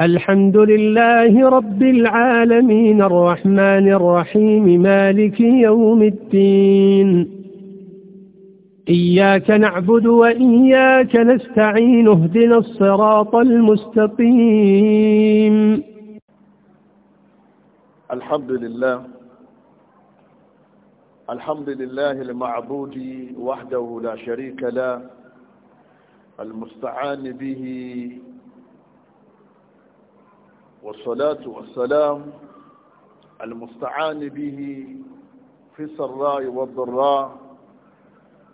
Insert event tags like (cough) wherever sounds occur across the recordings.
الحمد لله رب العالمين الرحمن الرحيم مالك يوم الدين إياك نعبد وإياك نستعين اهدنا الصراط المستقيم الحمد لله الحمد لله المعبود وحده لا شريك له المستعان به والصلاة والسلام المستعان به في السراء والضراء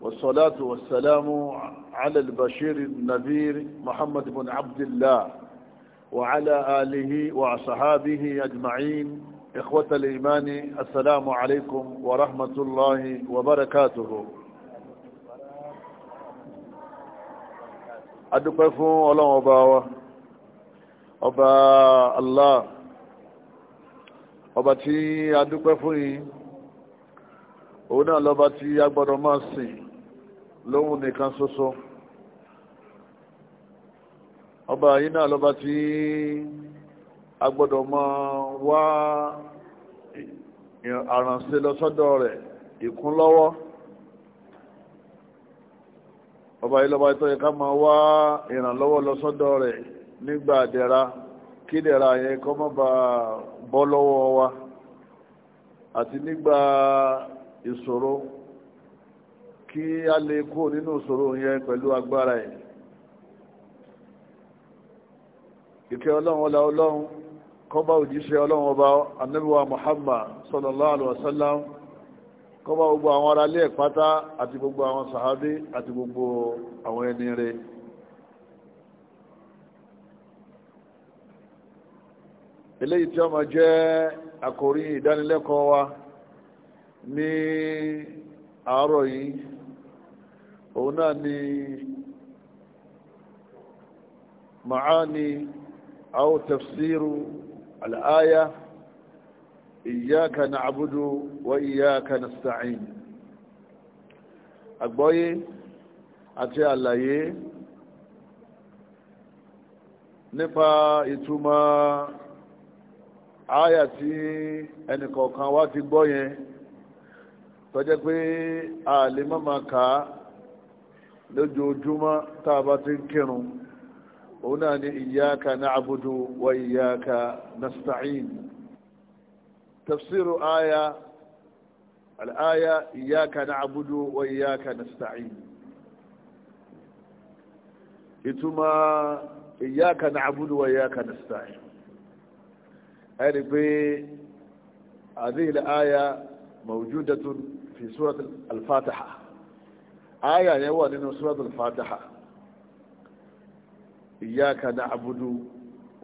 والصلاة والسلام على البشير النذير محمد بن عبد الله وعلى آله وصحابه أجمعين إخوة الإيمان السلام عليكم ورحمة الله وبركاته أدقفوا الله وباوه ọba Allah ọba tí a dúpẹ́ fún yìí òun náà lọ́ba tí a gbọ́dọ̀ máa sìn lóhun nìkan ṣoṣo ọba yìí náà lọ́ba tí a gbọ́dọ̀ máa wá àrànṣe lọ́sọ́dọ̀ rẹ̀ ìkúnlọ́wọ́ ọba yìí lọ́ba tó yẹ ká máa wá ìrànlọ́wọ́ lọ́sọ́dọ̀ rẹ̀ nígbà dẹ̀ra kí dẹ̀ra yẹn kọ́ mọ́ bá bọ́ lọ́wọ́ wa àti nígbà ìṣòro kí a lè kó nínú ìṣòro yẹn pẹ̀lú agbára ẹ̀ ìkẹ́ ọlọ́run ọlá ọlọ́run kọba òjíṣẹ́ ọlọ́run ọba anábíwá Muhammad sallallahu alaihi wasallam kọba gbogbo àwọn aráalé ẹ̀ pátá àti gbogbo àwọn sàhábé àti gbogbo àwọn ẹni rẹ̀ eléyìí tí ó máa jẹ́ àkòrí ìdánilẹ́kọ̀ọ́ wa ní àárọ̀ yìí òun náà ni ma'ani aw tafsiru al'aya iyyaka na'budu wa iyyaka nasta'in àgbọ́yé àti àlàyé nípa ìtumọ̀ àyà tí ẹnìkọ̀ọ̀kan wá ti gbọ́ yẹn tó jẹ́ pé a lè má máa kà á lójoojúmọ́ tá a bá ti ń kírun òun náà ni iyyaka na'budu wa iyyaka nasta'in tafsiru aya al'aya iyyaka na'budu wa iyyaka nasta'in ìtumọ̀ iyyaka na'budu wa iyyaka nasta'in ẹ̀rí pé àdéhìlì àyà mawjudatun fi suratul al-fatiha àyà yẹn wà nínú suratul al-fatiha iyyaka na'budu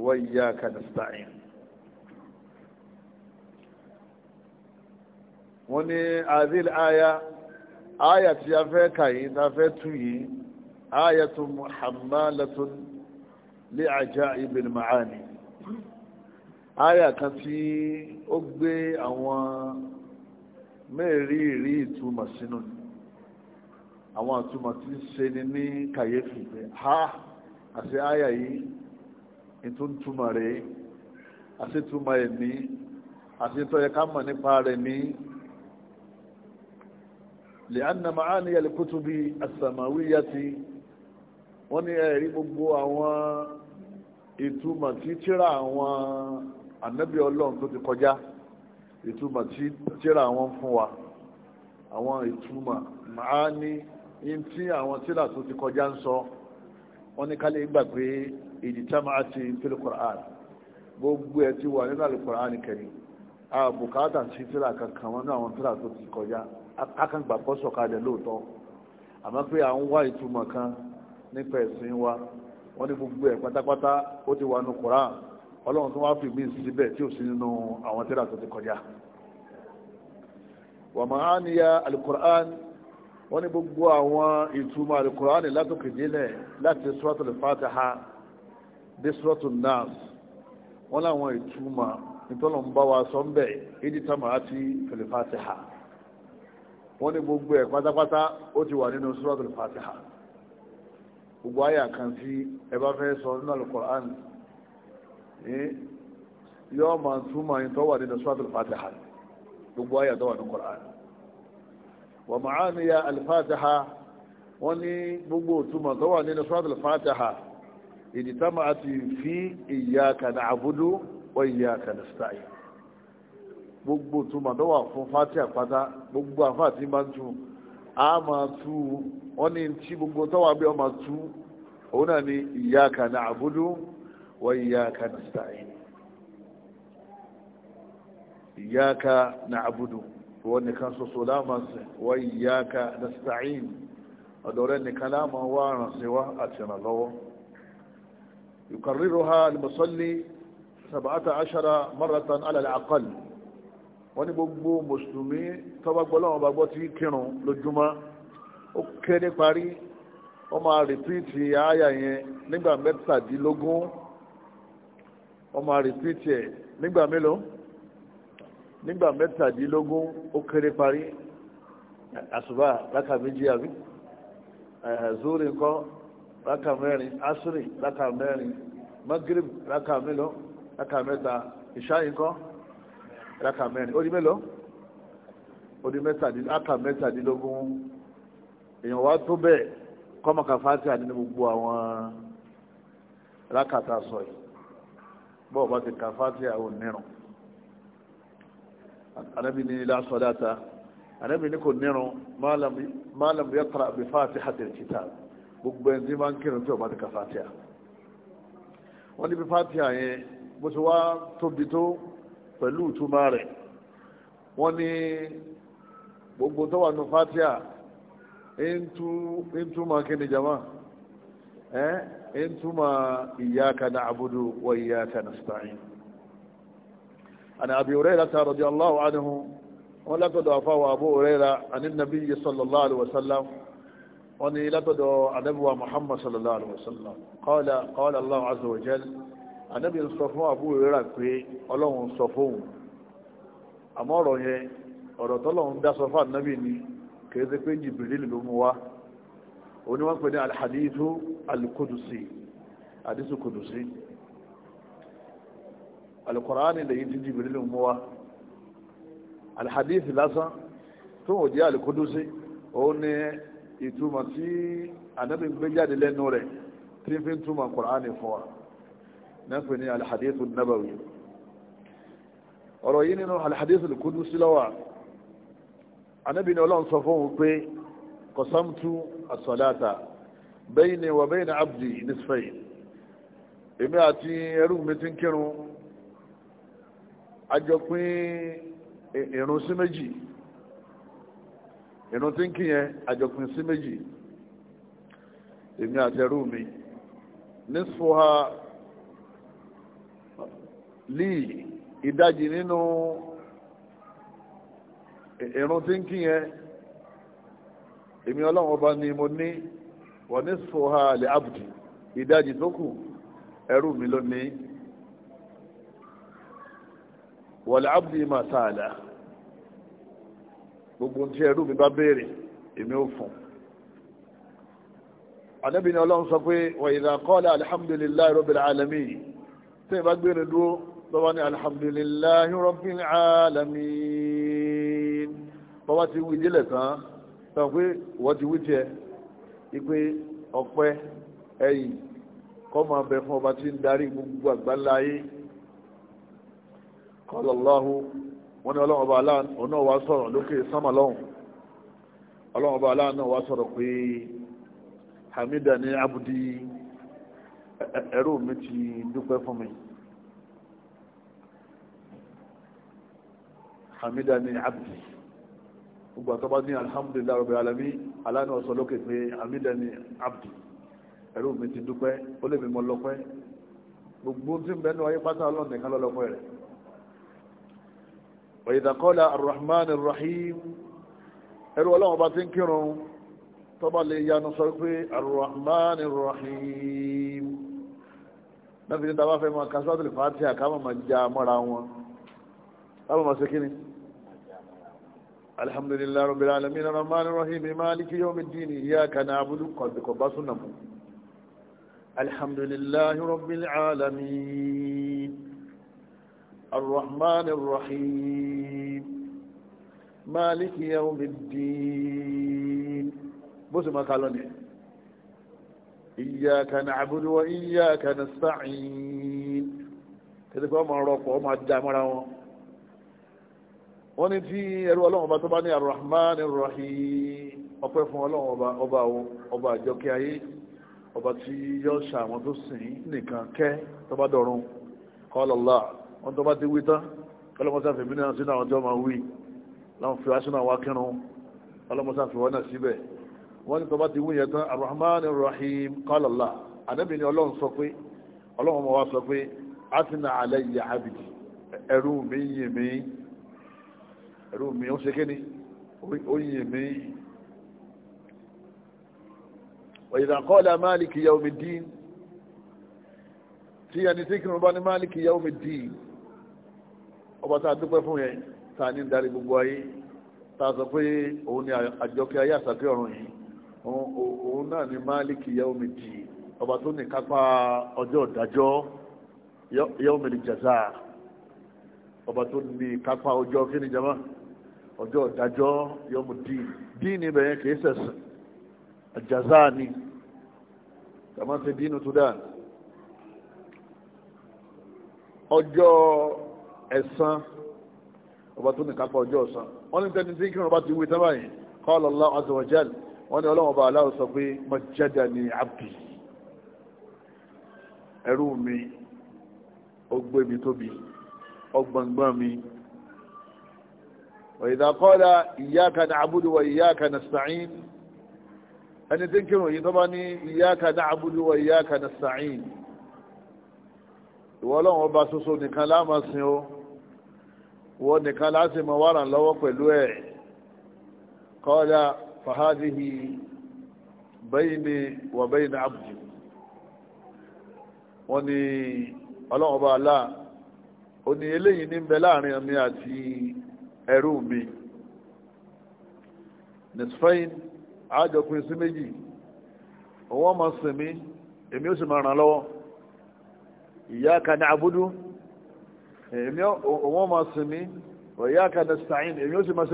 wa iyyaka nasta'in wọ́n ní àdéhìlì àyà آية يافي كاين آفيتوي آية محملة لعجائب المعاني àyà kan tí ó gbé àwọn mẹ́rìírí ìtumọ̀ sínú ni àwọn àtumọ̀ tí ń ṣe ni ní kàyéfì pé ha àti àyà yìí ìtúntúmọ̀ rẹ̀ àti túmọ̀ ẹ̀ ní àti tọ́yẹ ká mọ̀ nípa rẹ̀ ní lẹ́ànà ma'áni al-kutubi as-samawiyyati wọ́n ní ẹ̀rí gbogbo àwọn ìtumọ̀ tí tíra àwọn ànábì ọlọ́run tó ti kọjá ìtumọ̀ tí tíra àwọn fún wa àwọn ìtumọ̀ máa ní in tí àwọn tíra tó ti kọjá ń sọ wọ́n ní kálí gbà pé ìdìtàmà àti fil Qur'an gbogbo ẹ̀ ti wà nínú al-Qur'an Karim àbùkátà sí tíra kankan wọn ní àwọn tíra tó ti kọjá akàǹgbà kọ́ sọ̀kalẹ̀ lóòótọ́ àmọ́ pé à ń wá ìtumọ̀ kan nípa ẹ̀sìn wa wọ́n ní gbogbo ẹ̀ pátápátá ó ti wà nínú Qur'an ọlọ́run tó wá fi mí síbẹ̀ tí ò sí nínú àwọn tírà tó ti kọjá wà máa ní ya alukur'an wọ́n ní gbogbo àwọn ìtumọ̀ alukur'an látòkè délẹ̀ láti suratul fatiha dé suratul nas wọ́n láwọn ìtumọ̀ ìtọ́lọ̀ ń bá wa sọ ń bẹ̀ ìdí tamà àti fil fatiha wọ́n ní gbogbo ẹ̀ pátápátá ó ti wà nínú suratul fatiha gbogbo àyà kan tí ẹ bá fẹ́ sọ nínú alukur'an Eh? yóò máa túmọ̀ yín tó wà nínú suratul fatiha gbogbo ayé tó wà ní Qur'an wa ma'aniya al-fatiha wọ́n ní gbogbo òtúmọ̀ tó wà nínú suratul fatiha ijtama'at fi iyyaka na'budu wa iyyaka nasta'in gbogbo túmọ̀ tó wà fún fatiha pátá gbogbo àfáà tí máa a máa tu wọ́n ní tí gbogbo tó bí wọ́n máa tu òun náà ní iyyaka na'budu وإياك نستعين إياك نعبد ونكان سلامة وإياك نستعين ودورين كلاما ونصوى أتنا الله يكررها المصلي سبعة عشر مرة على الأقل wọ́n ní gbogbo mùsùlùmí tọ́bágbọ́lọ́wọ́n bá gbọ́ tí kírun lójúmọ́ ó kéré parí ó máa rìpíìtì àáyà yẹn nígbà mẹ́tàdínlógún wọ́n máa rìpítì ẹ̀ nígbà mélòó nígbà mẹ́tàdínlógún ó kéré parí àṣùbà rákà méjì àbí zuri nǹkan rákà mẹ́rin asuri rákà mẹ́rin magrib rákà mélòó rákà mẹ́ta ìṣáyìn nǹkan rákà mẹ́rin ó di mélòó ó di mẹ́tàdínlógún èèyàn wá tó bẹ́ẹ̀ kọ́mọ̀kà fásitì àdínní gbogbo àwọn rákàtà sọ bọ́ọ̀ bá ti ka fátíà ò nírun anábì ní la salata anábì ní kò nírun ma lam yaqra bi fatihatil kitab gbogbo ẹni tí máa ń kírun tí ò bá ti ka fátíà wọ́n ní bí fátíà yẹn bó ti wá tóbi tó pẹ̀lú ìtumá rẹ̀ wọ́n ní gbogbo tó wà ní fátíà ń túmọ̀ kí ni jama ẹ́ ń túmọ̀ iyyaka na'budu wa iyyaka nasta'in عن أبي هريرة رضي الله عنه ولقد أفاو أبو هريرة عن النبي صلى الله عليه وسلم وني لقد أدبوا محمد صلى الله عليه وسلم قال قال الله عز وجل ànábì ń sọ fún àbúrò rẹ̀ pé ọlọ́run sọ fóun àmọ́ ọ̀rọ̀ yẹn ọ̀rọ̀ tọ́lọ́run dá sọ fún ànábì ni kìí ṣe pé jìbìrìlì ló mú wá òní wọ́n pè ní alhadithu alkudusi hadithu kudusi alkùránì lèyí tí jìbìrìlù mú wa alhadithi lásán tó wọ́n jẹ́ alkudusi òun ni ìtumọ̀ tí anábì gbé jáde lẹ́nu rẹ̀ tí fi ń túmọ̀ kùránì fún wa náà pè ní alhadithu nabawi ọ̀rọ̀ yìí nínú alhadithu alkudusi lọ́wọ́ anábì ni ọlọ́run sọ fún òun pé kọ̀sámtú as-salata wa bayna 'abdi nisfayn emi ati ẹrú mi ti ń kírun àjọ pín ìrun sí méjì ìrun tí ń kí yẹn àjọ pín sí méjì mi nisfuha lii ìdajì nínú ìrun tí ń èmi ọlọ́run ọba ni mo ní wọ́n ní sọ́ha lè abdi ìdajì tó kù ẹrú mi ló ní wọ́n lè abdi máa sáàlà gbogbo tí ẹrú mi bá béèrè èmi ò fún anabi ni ọlọ́run sọ pé wọ́n ìdá kọ́lá alhamdulillahi rabbil alamin tí ìbá gbére dúró lọ́wọ́ ní alhamdulillahi rabbil alamin bọ́wá ti wí délẹ̀ tán. sọ pé wọ́n ti wí tiẹ̀ ipe ọpẹ́ ẹ̀yìn kọ́ máa bẹ fún ọba tí ń darí gbogbo àgbáńlá ayé kọ́lọ̀ lọ́hùn wọ́n ní ọlọ́run ọba aláàánú náà wá sọ̀rọ̀ lókè sámà lọ́hùn ọlọ́run ọba aláàánú wá sọ̀rọ̀ pé hamida ní abudi ẹrú mi ti dúpẹ́ fún mi hamida ní abudi. gbogbo àtọ́bá ní alhamdulillah rabbil alamin aláàánú ọ̀sọ̀ lókè pé amídẹ́ni abdi ẹ̀rù mi ti dúpẹ́ ó lè mímọ lọ́pẹ́ gbogbo tí ń bẹnu ayé pátá ọlọ́run nìkan lọ́lọ́pẹ́ rẹ̀ wa idha qala arrahman arrahim ẹ̀rù ọlọ́run bá ti ń kírun tọ́ba lè yanu sọ pé arrahman arrahim náà fi ní tàbá fẹ́ máa kásátìlì fàátì àkámọ̀ máa já mọ́ra wọn الحمد لله رب العالمين الرحمن الرحيم مالك يوم الدين إياك نعبد قلبك وبصنا الحمد لله رب العالمين الرحمن الرحيم مالك يوم الدين بسم قالوني إياك نعبد وإياك نستعين كذلك ما رفع ما دامروا wọ́n ní tí ẹrú ọlọ́run ọba tó bá ní arahman rahim ọpẹ́ fún ọlọ́run ọba ọba àwọn ọba àjọkẹ́ ayé ọba tí yóò ṣe àwọn tó sìn nìkan kẹ́ tó bá dọ̀run qala Allah wọn tó bá ti wí tán ọlọ́mọsá fèmí náà sínú àwọn tó máa wí láwọn fi wá sínú àwọn akẹ́rùn ọlọ́mọsá fi wọ́n náà síbẹ̀ wọ́n ní tó bá ti wí yẹn tán arahman rahim qala Allah ni ọlọ́run sọ pé ọlọ́run ẹ̀rù mi ó ṣe kéni ó yìn mí وإذا قال مالك يوم الدين tí ẹni tí kìrìnà bá ní máàlìkì yawm al-din ọba tá a dúpẹ́ fún yẹn tá a ní darí gbogbo ayé tá a sọ pé òun ni àjọkẹ́ ayé àsàkẹ́ ọ̀run yìí òun náà ní máàlìkì yawm al-din ọba tó ní kápá ọjọ́ ìdájọ́ yawm al-jaza ọba tó ní kápá ọjọ́ kí ni jama. ọjọ́ ìdájọ́ yọmù dín dín ibẹ̀ kìí sẹ̀sìn àjàzá ni kàmá ṣe tó ọjọ́ ọba tó nìkan pa ọjọ́ ọ̀sán wọ́n ní tẹ́ni tí kí wọ́n bá ti wí tábà yìí qala wọ́n bá aláwọ̀ sọ pé وإذا قال إياك نعبد وإياك نستعين ẹni tí ń kírun yìí tó bá ní iyyaka na'budu wa iyyaka nasta'in ìwọ ọlọ́run ọba ṣoṣo nìkan la máa sìn ó wọ nìkan láti mọ wàrà lọ́wọ́ pẹ̀lú ẹ̀ qala fa hadhihi bayni wa bayna abdi wọ́n ní ọlọ́run ọba àlá ó ní eléyìí ní ń bẹ láàrin mi àti ẹrú mi nisfain àjọpin sí méjì òun ọmọ sìn mí èmi ó sì máa ràn lọ́wọ́ ìyá ka ní èmi òun ọmọ sìn ìyá ka ní èmi ó sì máa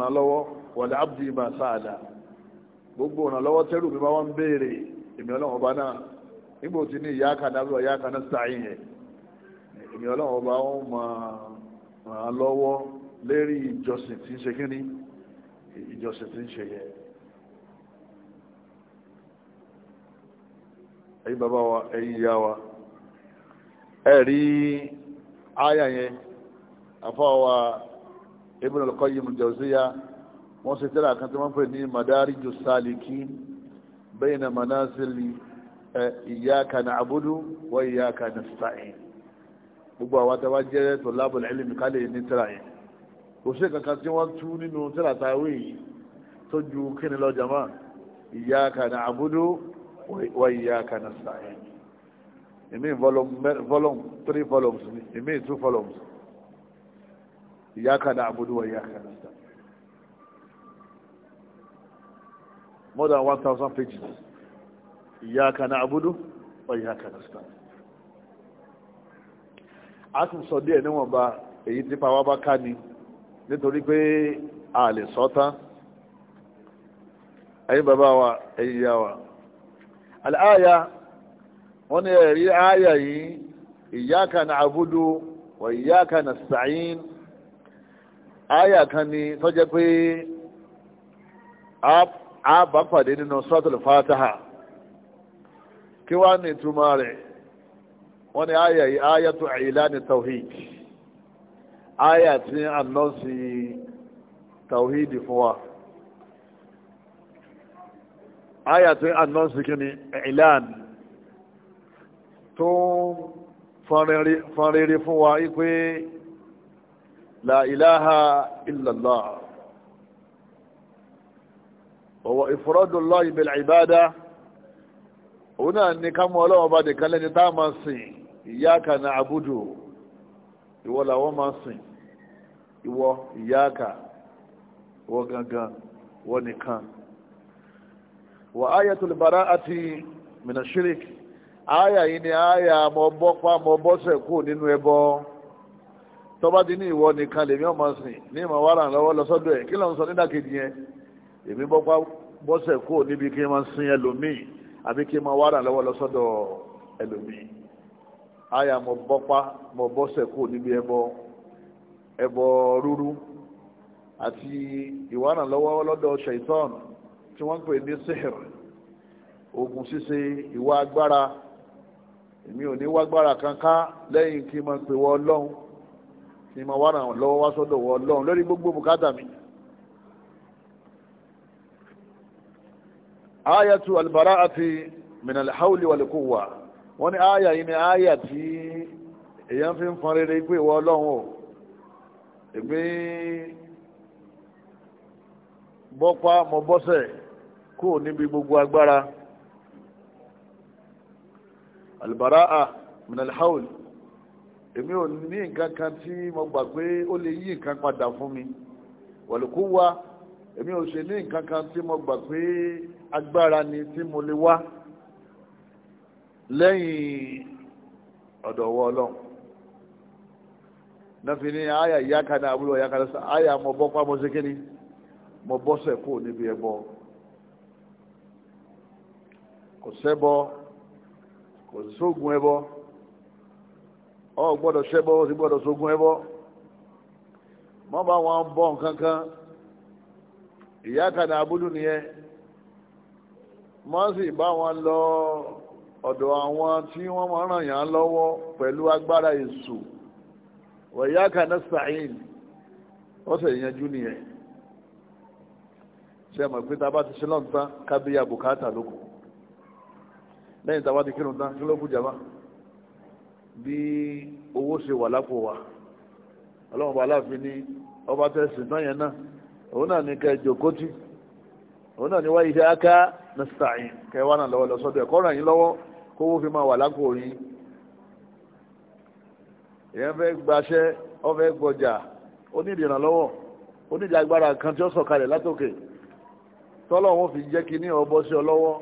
ràn lọ́wọ́ abdi ma sáàdà gbogbo ọ̀nà tẹ́rù mi máa ń béèrè èmi ọlọ́run ọba náà nígbà tí ní ìyá kan dábọ̀ ìyá yẹn ọba ràn án lọ́wọ́ lérí ìjọsìn tí ń ṣe kí ni ìjọsìn tí ń ṣe yẹ ẹ̀yin bàbá wa ẹ̀yin ìyá wa ẹ̀rí áyà yẹn àfọwà Ibn al-Qayyim al-Jawziyya wọ́n ṣe tẹ́lá kan wọ́n pè ní Madariju Salikin bayna manazili iyyaka na'budu wa iyyaka nasta'in gbogbo àwọn tẹ́wà jẹ́ tó lábọ̀lẹ̀ ẹlẹ́mì ká lè ní tẹ́ra yẹn kò sí kankan tí wọ́n tú nínú tẹ́ra táwé yìí tó ju kíni lọ jama iyyaka na'budu wa iyyaka nasta'in èmi volume three volumes ni èmi two volumes iyyaka na'budu wa iyyaka nasta'in more than one thousand pages iyyaka na'budu wa iyyaka nasta'in. a tún sọ díẹ̀ eyi èyí tí pàwọ́ bá ká ni nítorí pé a lè sọ tán bàbá wa ẹ̀yin ya wa àlàáyà wọ́n na ẹ̀rí àyà yìí wa iyyaka nasta'in àyà kan ni tó jẹ́ pé a bá pàdé nínú suratul Fatiha kí wá ní ìtumọ̀ wani ní àyà yìí àyà tó ìlànà tawhid àyà ni ìlànà tó fọ́nrẹ́rẹ́ la ilaha illallah wa náà ní ọlọ́wọ́ bá iyaka na àbúdò ìwọ làwọn máa sìn ìwọ ìyáka ìwọ gangan ìwọ nìkan wà ayatul bara'ati mina shirik aya yìí ni aya mọ bọ́ pa mọ bọ́sẹ̀ kú nínú ẹbọ tọ́ba di ní ìwọ nìkan lèmi ọmọ sìn ní ìmọ̀ wàrà lọ́wọ́ lọ́sọ́dọ̀ ẹ̀ kí ló ń sọ nídàkejì yẹn èmi bọ́ pa bọ́sẹ̀ kú níbi kí n ma sin elomi àbí kí ma wara wàrà lọ́wọ́ lọ́sọ́dọ̀ ẹlòmíì. aya mo bọ́pá mo bọ́sẹ̀ kó níbi ẹbọ ẹbọ rúrú àti ìwárà lọ́wọ́ lọ́dọ̀ shaitan tí wọ́n ń pè ní sihir ogun ṣíṣe ìwà agbára èmi ò ní wágbára kankan lẹ́yìn kí n máa pè wọ ọlọ́run kí n máa wárà lọ́wọ́ wá sọ́dọ̀ wọ ọlọ́run lórí gbogbo bùkátà mi. ayatu albara'ati min alhawli wal quwwa wọ́n ní àyà yìí ni àyà tí èèyàn fi ń fọn rere pé ìwọ ọlọ́run o èmi bọ́pá mọ bọ́sẹ̀ kú níbi gbogbo agbára albara'a min alhaul èmi ò ní nǹkan kan tí mo gbà pé ó lè yí nǹkan padà fún mi wàlúkúwa èmi ò ṣe ní nǹkan kan tí mo gbà pé agbára ni tí mo lè wá. lẹ́yìn ọ̀dọ̀wọ́ ọlọ́run nàfi ní àyà ìyáka náà àbúrò ìyáka náà àyà mọ̀ bọ́ pàmò sí kíni mọ̀ bọ́sẹ̀ kó níbi ẹ̀bọ kò sẹ́bọ kò sógun ẹbọ ọ gbọ́dọ̀ sẹ́bọ ó sì gbọ́dọ̀ sógun ẹbọ mọ́ bá wọn àbúrò wọn lọ. ọ̀dọ̀ àwọn tí wọ́n máa ràn yàn lọ́wọ́ pẹ̀lú agbára èṣù wọ̀nyá kaná sàáyìn wọ́n sì yanjú nìyẹn ṣe mọ̀ pé tábà ti ṣe lọ́n tán kábíyà bùkátà lóko lẹ́yìn tábà ti kírun tán kí ló kù jàmá bí owó ṣe wà lápò wa ọlọ́run bá láàfin ní ọba tẹ̀sí náà yẹn náà òun náà ní kẹjọ kótì òun náà ní wáyé ká nasta'in kẹwàá náà lọ́wọ́ lọ́sọ́dọ̀ ẹ̀kọ́ ràn yín lọ́wọ́ kówó fi máa wà lápò yín èèyàn fẹ́ gbaṣẹ́ ó fẹ́ gbọjà ó ní ìdìrànlọ́wọ́ ó ní ìdàgbára kan tí ó sọ̀kalẹ̀ látòkè tọ́lọ̀ wọn fi jẹ́ kí ní ọbọ̀ sí ọ lọ́wọ́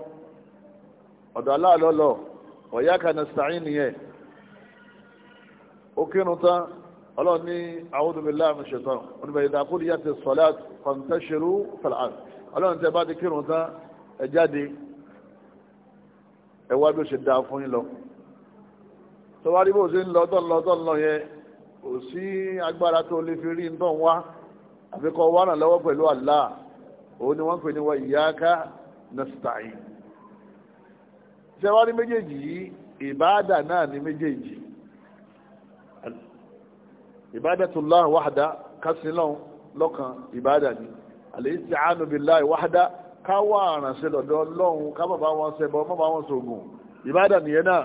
ọ̀dọ̀ aláàlọ́lọ́ ọ̀yá kanà sàáyìn nìyẹn ó kírun tán ọlọ́run ní a'udhu billahi minash shaitan oníbẹ̀rẹ̀ ìdàkúrú yàtọ̀ sọ̀lá kọ̀ǹtẹ́ṣerú fẹ̀lá ọlọ́run tẹ bá ti kírun tán ẹ jáde ẹ wá bí ó ṣe dáa fún yín lọ tọ́wárí bó ṣe ń lọ tọ́lọ tọ́lọ yẹn kò sí agbára tó lè fi rí ń tàn wá àfikọ́ wà náà lọ́wọ́ pẹ̀lú Allah òun ni wọ́n ń pè ní wa iyyaka nasta'in tẹ́wárí méjèèjì yìí ìbáàdà náà ni méjèèjì ìbáàdàtullah wahda kásìlọ́n lọ́kan ìbáàdà ni al-isti'anu billahi wahda ká wá àrànṣẹ́ lọ́dọ̀ ọlọ́run wọn ṣẹbọ má wọn ṣògùn ìbádàn nìyẹn náà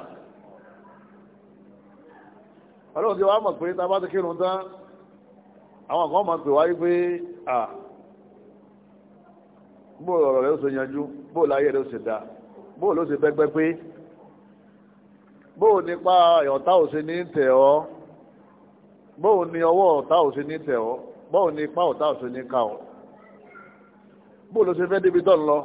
ọlọ́run ti wá mọ̀ pé tá ti kírun tán àwọn kan máa pè wáyé pé à bó ọ̀rọ̀ rẹ̀ ó ṣe yanjú bó láyé rẹ̀ ó ṣe ọ̀tá ò ní tẹ̀ ọ́ ní ọwọ́ ọ̀tá ò ní tẹ̀ ọ́ bóòlù ṣe fẹ́ débi tán lọ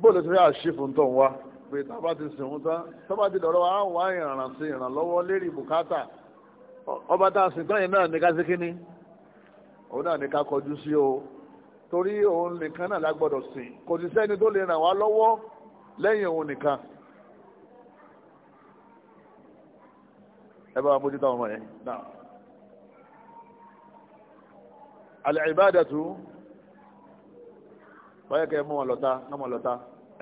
bóòlù ṣe fẹ́ àṣìfù tó ń wá pé tábà ti sìn wọn tán tábà ti dọ̀rọ̀ wa àwọn ìrànràn sí ìrànlọ́wọ́ lérí bùkátà ọba tá a sìn tán yìí náà ní ká sí kínní òun náà ní ká kọjú sí o torí òun nìkan náà lágbọ́dọ̀ sìn kò sì sẹ́ni tó lè ràn wá lọ́wọ́ lẹ́yìn òun nìkan. ẹ bá wa mójútó àwọn ọmọ yẹn náà. báyẹ̀ kẹ́ mú wọn lọ́ta náà mọ̀ lọ́ta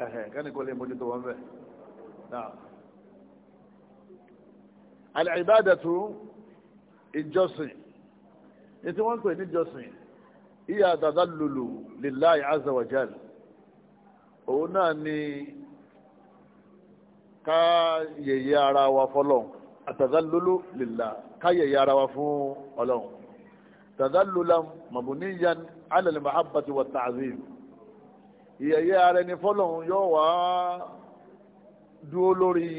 ẹ̀hẹ̀ kẹ́ni kò lè mójútó wọn bẹ̀ náà al-ibadatu ìjọsìn ní tí wọ́n ń pè ní ìjọsìn ìyá tadallulu lillahi azza wa òun náà ni ká ara wa fọlọ́n àtàzálóló lillah ká yẹ̀yẹ́ ara wa fún ọlọ́run tadallulan mabniyan ala al-mahabbati wa ta'zim ìyẹ̀yẹ́ ara ẹni fọ́lọ́hún yóò wá dúró lórí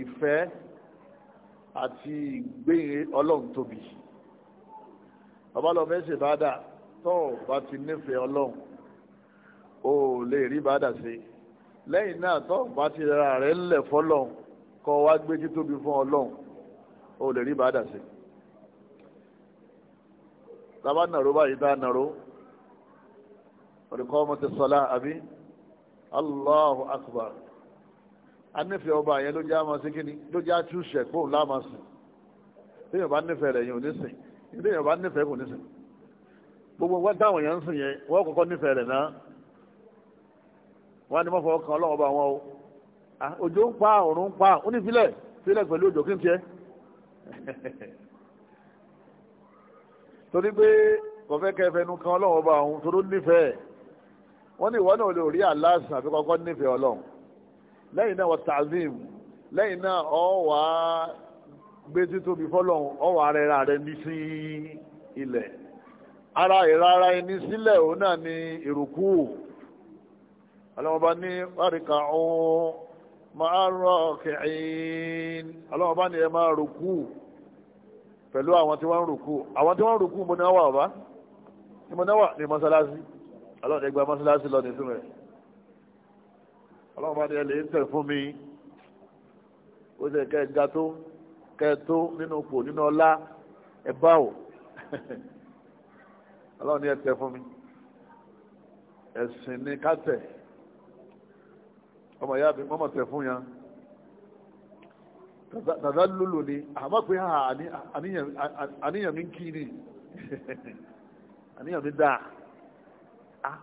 ìfẹ́ àti ìgbé ọlọ́run tóbi babalọ fẹsẹ bàdà tó bá ti nífẹ̀ẹ́ ọlọ́run o lè rí bàdà sí lẹ́yìn náà tó bá ti ra rẹ̀ ńlẹ̀ fọ́lọ́run kọ wá gbé títóbi fún ọlọ́run o lè rí bàdà sí. tábà nàró báyìí tá nàró olùkọ́mọ̀tì sọlá àbí Allahu akbar anífẹ̀ẹ́ ọba yẹn ló já máa sí kíni ló já tú sẹ̀kóhùn lámàsìn téèyàn bá nífẹ̀ẹ́ rẹ̀ yẹn ò ní sìn téèyàn bá nífẹ̀ẹ́ kò ní sìn gbogbo wọn táwọn yẹn ń sìn yẹn wọn kọ́kọ́ nífẹ̀ẹ́ rẹ̀ náà wọn á ní mọ́fọ́ kan ọlọ́wọ́ bá wọn o òjò ń pa òrùn ń pa ó ní filẹ̀ filẹ̀ pẹ̀lú òjò kí n tiẹ̀ (laughs) torí pé kọ̀fẹ́ kẹfẹ́ nu kan ọlọ́wọ́ bá wọn torí ó nífẹ̀ẹ́ wọ́n ní ìwọ náà lè rí aláàsìn àfi kọ́kọ́ nífẹ̀ẹ́ ọlọ́run lẹ́yìn náà wọ́n tazim lẹ́yìn náà ọ wà á gbé títóbi fọ́lọ́run ọ wà á rẹra rẹ ní sí ilẹ̀ ara ìrara ẹni sílẹ̀ òun náà ni ìrùkú ọlọ́mọba ní wàríkà ọ̀hún máa ń rọ kẹ̀hìn ọlọ́mọba ní ẹ máa rùkú pẹ̀lú àwọn tí wọ́n ń rùkú àwọn tí wọ́n ń rùkú wà ọ̀bá wà ní mọ́sálásí. ọlọ́run ẹgbẹ́ mọ́sálásí lọ nínú rẹ̀ ọlọ́run bá ní ẹlẹ́ ń tẹ̀ fún mi ó sì kẹ́ ẹ ga tó kẹ́ ẹ tó nínú pò nínú ọlá ẹ bá ò (laughs) ọlọ́run ní ẹ tẹ̀ fún mi ẹ̀sìn ní ká tẹ̀ ọmọ ìyá mi mọ́mọ́ tẹ̀ fún yẹn tàdá lólò ni àmọ́ pé àníyàn mi ń kí ni (laughs) àníyàn mi dáa. Ah,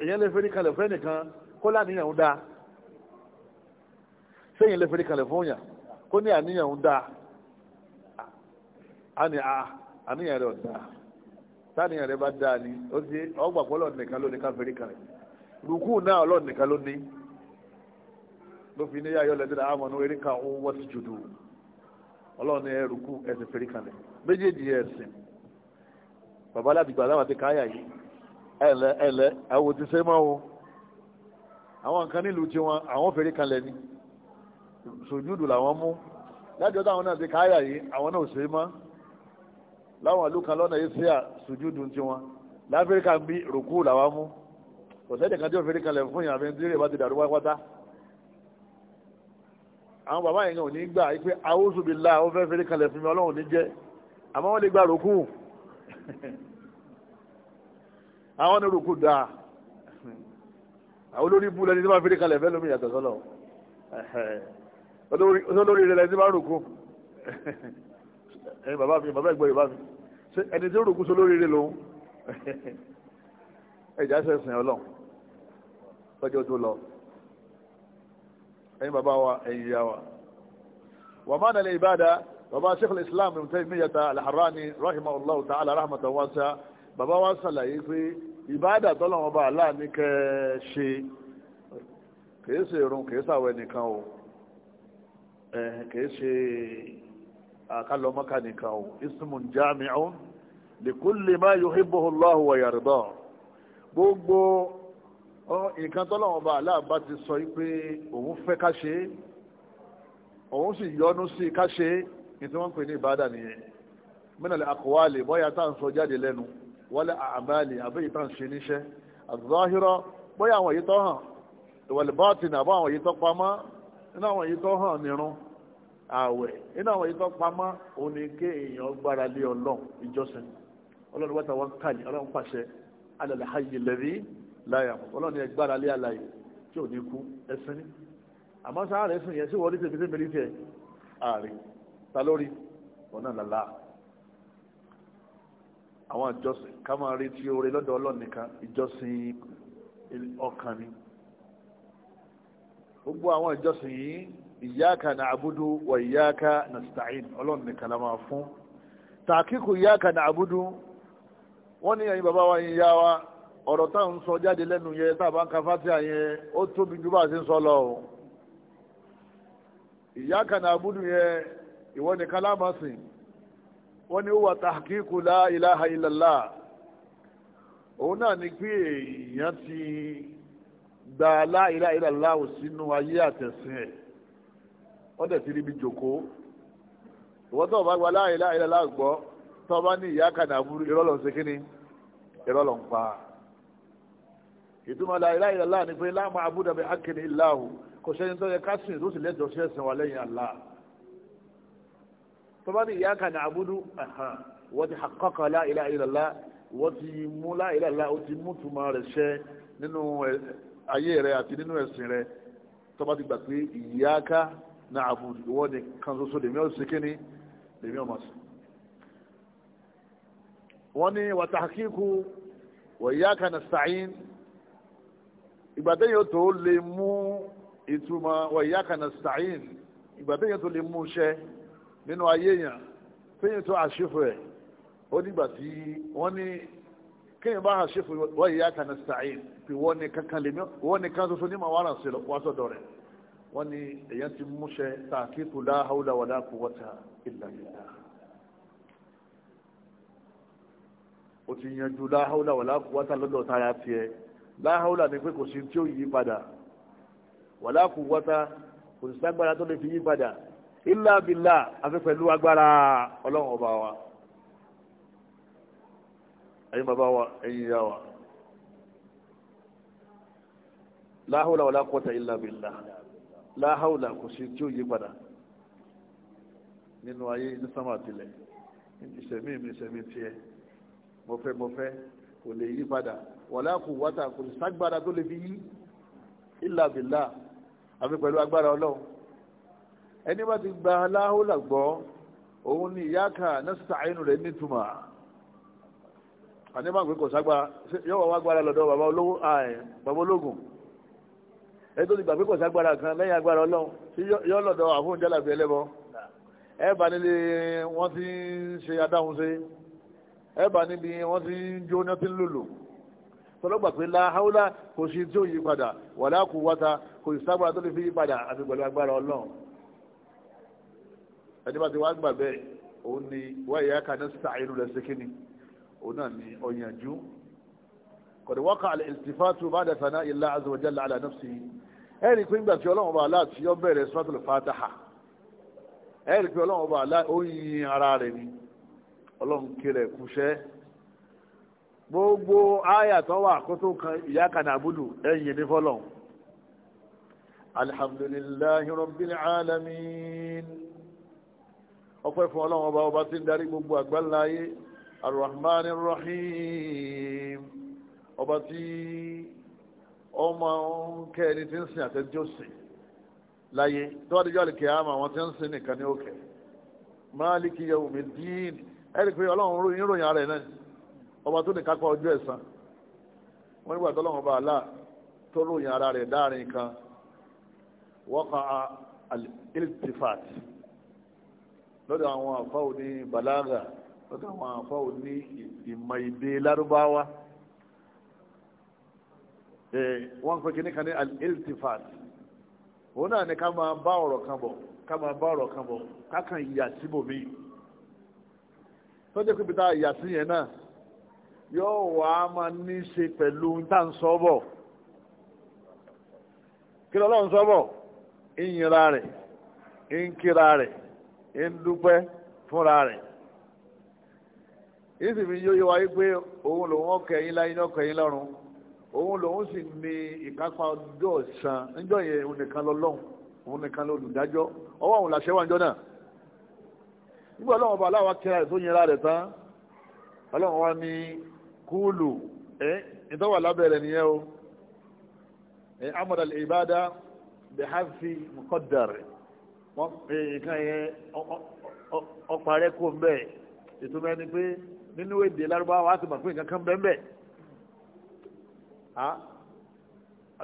èyàn lè fẹ́rí kalẹ̀ fẹ́ nìkan kó láníyàn sẹ́yìn lè fẹ́rí kalẹ̀ fún kó ní àníyàn ń dáa ah, a ní a ah, àníyàn rẹ̀ ọ̀dà táníyàn rẹ̀ bá dáa ni ó ti ọgbà pọ̀ lọ́ọ̀ ká fẹ́rí kalẹ̀ rùkú náà ọlọ́ọ̀ nìkan ló fi ní yáyọ́ lẹ́dínlá àmọ́nú eré ó wọ́n jùdù fẹ́rí kalẹ̀ méjèèjì ẹ̀sìn bàbá láti gbà láwọn àti káyà yìí ẹ̀lẹ́ ẹ̀lẹ́ àwọn ti ṣe máa wo àwọn nǹkan nílùú tí wọn àwọn fèrè kanlẹ̀ ni sùjúdù làwọn mú lájọ táwọn náà ti káyà yìí àwọn náà ò ṣe mọ́ láwọn ìlú kan lọ́nà Asia sùjúdù ti wọn láfíríkà ń bí rùkú làwọn mú kò sẹ́ni kan tí ó fèrè kanlẹ̀ fún yàrá fi ń dírè bá ti dàrú wáyé àwọn bàbá yẹn ò ní gbà pé àwòsùbìlà ó fẹ́ fèrè kanlẹ̀ fún mi ọlọ́run ní jẹ́ àmọ́ wọ́n lè gbà rùkú (laughs) àwọn ní rúkú dáa àwọn olórí ibú lẹni tí wọ́n fi rí kalẹ̀ fẹ́ lómi yàtọ̀ sọ́lọ̀ olórí rẹ̀ lẹni tí wọ́n rúkú ẹni bàbá mi bàbá ẹgbẹ́ yorùbá mi ẹni tí ó rúkú sólórí rẹ̀ lòun ẹ̀já sẹ̀sìn ọlọ́run lọ́jọ́ tó lọ ẹ̀yin bàbá wa ẹ̀yin ìyá wa wà máa nàlẹ̀ ìbáda bàbá sheikh al-islam ibn taymiyyah al-harrani rahimahullahu ta'ala rahmatan wasa bàbá wa sàlàyé pé ìbáàdà tọ́lọ́wọ́n bá aláàní kẹ́ ṣe kìí ṣe irun kìí ṣàwẹ̀ nìkan o kìí ṣe àkàlọ́mọ́ká nìkan o ismun jami'un likulli ma yuhibbuhu Allahu wa yarda gbogbo nǹkan tọ́lọ́wọ́n bá aláàbá ti sọ pé òun fẹ́ ká ṣe òun sì yọ́nú sí ká ní tí wọ́n ń pè ní ìbáàdà nìyẹn minal aqwali bọ́yá tá à ń sọ jáde lẹ́nu wọlé àmàlì àbẹ́yìí tán ṣe níṣẹ́ àzọ́hírọ́ bóyá àwọn èyí tó hàn ìwọ̀lẹ̀ bọ́ọ̀tì nàbọ̀ àwọn èyí tó pamọ́ iná àwọn èyí tó hàn nírun ààwẹ̀ iná àwọn èyí tó pamọ́ òun ni ké èèyàn gbára lé ọlọ́run ìjọsìn ọlọ́run wọ́n ta wọ́n kàlí ọlọ́run pàṣẹ alẹ́lẹ́ hayè lẹ́rí láyà ọlọ́run gbára lé àlàyé tí ò ní kú ẹsìn àmọ́ sáà rẹ̀ sìn yẹn sí wọlé tètè mẹ́rin tiẹ̀ ààrẹ ta lórí ọ̀nà làlá àwọn ìjọsìn ká máa rí tí oore lọ́dọ̀ Ọlọ́run ìjọsìn ọkàn ni gbogbo àwọn ìjọsìn yìí iyyaka na'budu wa iyyaka nasta'in Ọlọ́run nìkan la máa fún tàkíkù iyyaka na'budu wọ́n ní ẹ̀yin bàbá wa yín yá wa ọ̀rọ̀ táwọn ń sọ jáde lẹ́nu yẹn tá a bá ń ka fátíà yẹn ó tóbi ju bá a ṣe sọ lọ o iyyaka na'budu na abudu nìkan iwani máa wọ́n ní wà tahqiqu la ilaha illallah òun náà ni pé èèyàn ti gba la ilaha illallah ò sínú ayé àtẹ̀sìn ẹ̀ wọ́n dẹ̀ ti ríbi jòkó ìwọ́n tó bá gba la ilaha illallah gbọ́ tó bá ní ìyá kàdà burú ìrọ́lọ́ ń ṣe kínní ìrọ́lọ́ ń la ilaha illallah ni pé la ma'buda bi haqqin illa hu kò sẹ́ni tó yẹ ká sìn tó sì lẹ́jọ́ sí wa lẹ́yìn Allah tó bá ní iyyaka na'budu wọ́n ti haqaqa la ilaha illallah wọ́n ti mú la ilaha illallah ó ti mú tuma rẹ̀ ṣẹ nínú ayé rẹ̀ àti nínú ẹ̀sìn rẹ̀ tó bá ti gbà pé iyyaka na'budu wọ́n ní kan ṣoṣo lèmi ọ̀sìn kíni lèmi ọmọ sí. wọ́n ní wa tahqiqu wa iyyaka nasta'in ìgbàdéyàn tó lè mú ìtumọ̀ wa iyyaka nasta'in ìgbàdéyàn tó lè mú ṣẹ́ nínú ayé yẹn fẹ́yìn tó àṣìfò ẹ̀ ó nígbà tí wọ́n ní kéèyàn bá àṣìfò wọ́n yìí yáka nasta'in pé wọ́n ní kankan lèmi wọ́n ní kan tuntun ní màá wàrà sí wàásù ọ̀dọ̀ rẹ̀ wọ́n ní èyàn ti múṣẹ tààkìtù la hawla wala quwwata illa billah ó ti yanjú la hawla wala quwwata lọ́dọ̀ táyà tiẹ̀ la hawla ni pé kò sí tí ó yí padà wala quwwata kò sí lágbára tó lè fi yí padà illa billah àfi pẹ̀lú agbára ọlọ́run ọba wa ẹ̀yin bàbá wa ẹ̀yin ìyá wa la hawla wala quwwata illa billah la hawla kò sí tí ó yí padà nínú ayé ní sánmà tilẹ̀ ìṣẹ̀mí mi ìṣẹ̀mí tiẹ̀ mọ̀fẹ́ mọ̀fẹ́ kò lè yí padà wala quwwata kò sí ságbára tó lè fi yí illa billah àfi pẹ̀lú agbára ọlọ́run ẹni bá ti gba aláhùlà gbọ́ òun ni ìyá kan nọ́ọ̀sì àyínú rẹ̀ nítumọ̀ àní máa gbé kò ságbá yọ̀wọ̀ wá gbára lọ́dọ̀ bàbá olówó àì bàbá ológun ẹni tó ti gbà pé kò ságbára kan lẹ́yìn agbára ọlọ́run tí yọ́ lọ́dọ̀ àfóúnjálàbí ẹlẹ́bọ ẹ bá nílé wọ́n ti ń ṣe adáhùn ṣe ẹ bá níbi wọ́n ti ń jó ní ọtí lòlò tọ́lọ́gbà pé láháúlá kò sí tí ó yí padà wàlá kò wáta kò sí ságbára tó lè fi yí padà àti pẹ̀lú agbára ọlọ́run ẹni bá ti wá gbà bẹ́ẹ̀ òun ni wá ìyá kan náà sísá àìlú lẹ́sẹ̀ kínní òun náà ni ọ̀yànjú kọ̀dọ̀ wákà al-iltifatu ba'da thana'i Allah azza wa jalla ala nafsihi ẹ̀rì pé ńgbà tí ọlọ́run bá aláà tí ó bẹ̀rẹ̀ suratul fataha ẹ̀rì pé ọlọ́run bá aláà ó yin ara rẹ̀ ni ọlọ́run kéré kúṣẹ́ gbogbo àyà wà kó tó kan ìyá kan àbúdù ẹ̀yìn ní fọlọ́run alhamdulillahi rabbil alamin. ọpẹ́ fún ọlọ́run ọba ọba tí ń darí gbogbo àgbáńlá ayé arrahman rahim ọba tí ọmọ nkẹ́ ẹni tí ń sìn àtẹ́jọ́ sìn láyé tọ́wádìjọ́ àlìkẹ́ àmà wọn tí ń sin nìkan ní òkè máàlìkì yawmiddin ẹ̀rì pé ọlọ́run ìròyìn ara náà ọba tó ọjọ́ wọ́n nígbà tó ọlọ́run ọba àlá tó ròyìn ara rẹ̀ dáàrin kan wọ́n kan lọ́dọ̀ àwọn àfáwò ní balaga lọ́dọ̀ àwọn àfáwò ní ìmọ̀ lárúbáwá wọ́n ń al-iltifat náà ni ká máa bá ọ̀rọ̀ kan bọ̀ ká máa bá kan bọ̀ ká kàn yà síbòmí tọ́jú pípẹ́ tá a yà sí yẹn náà yóò máa ní ṣe pẹ̀lú tá ń sọ bọ̀ kí lọ́lọ́run sọ ń dúpẹ́ fúnra rẹ̀ yìí sì fi yóyó wa pé òun lòun ọkẹyìn láyé ní ọkẹyìn lọ́run òun lòun sì ní ìkápá ọjọ́ ọ̀sán níjọ́ yẹn òun nìkan lọ́lọ́hùn òun nìkan lọ́lùdájọ́ ọwọ́ àwọn làṣẹ wà níjọ́ náà nígbà ọlọ́run ọba aláwa kíra rẹ̀ tó yẹra rẹ̀ tán ọlọ́run wa ní kúlù ẹ ìtọ́wà nìyẹn o ẹ amọ̀dàlẹ̀ wọ́n nǹkan yẹn ọparẹ́ kò mbẹ́ ètò mẹ́ni pé nínú èdè lárúbáwá a ti nǹkan kan bẹ́ẹ̀ bẹ́ẹ̀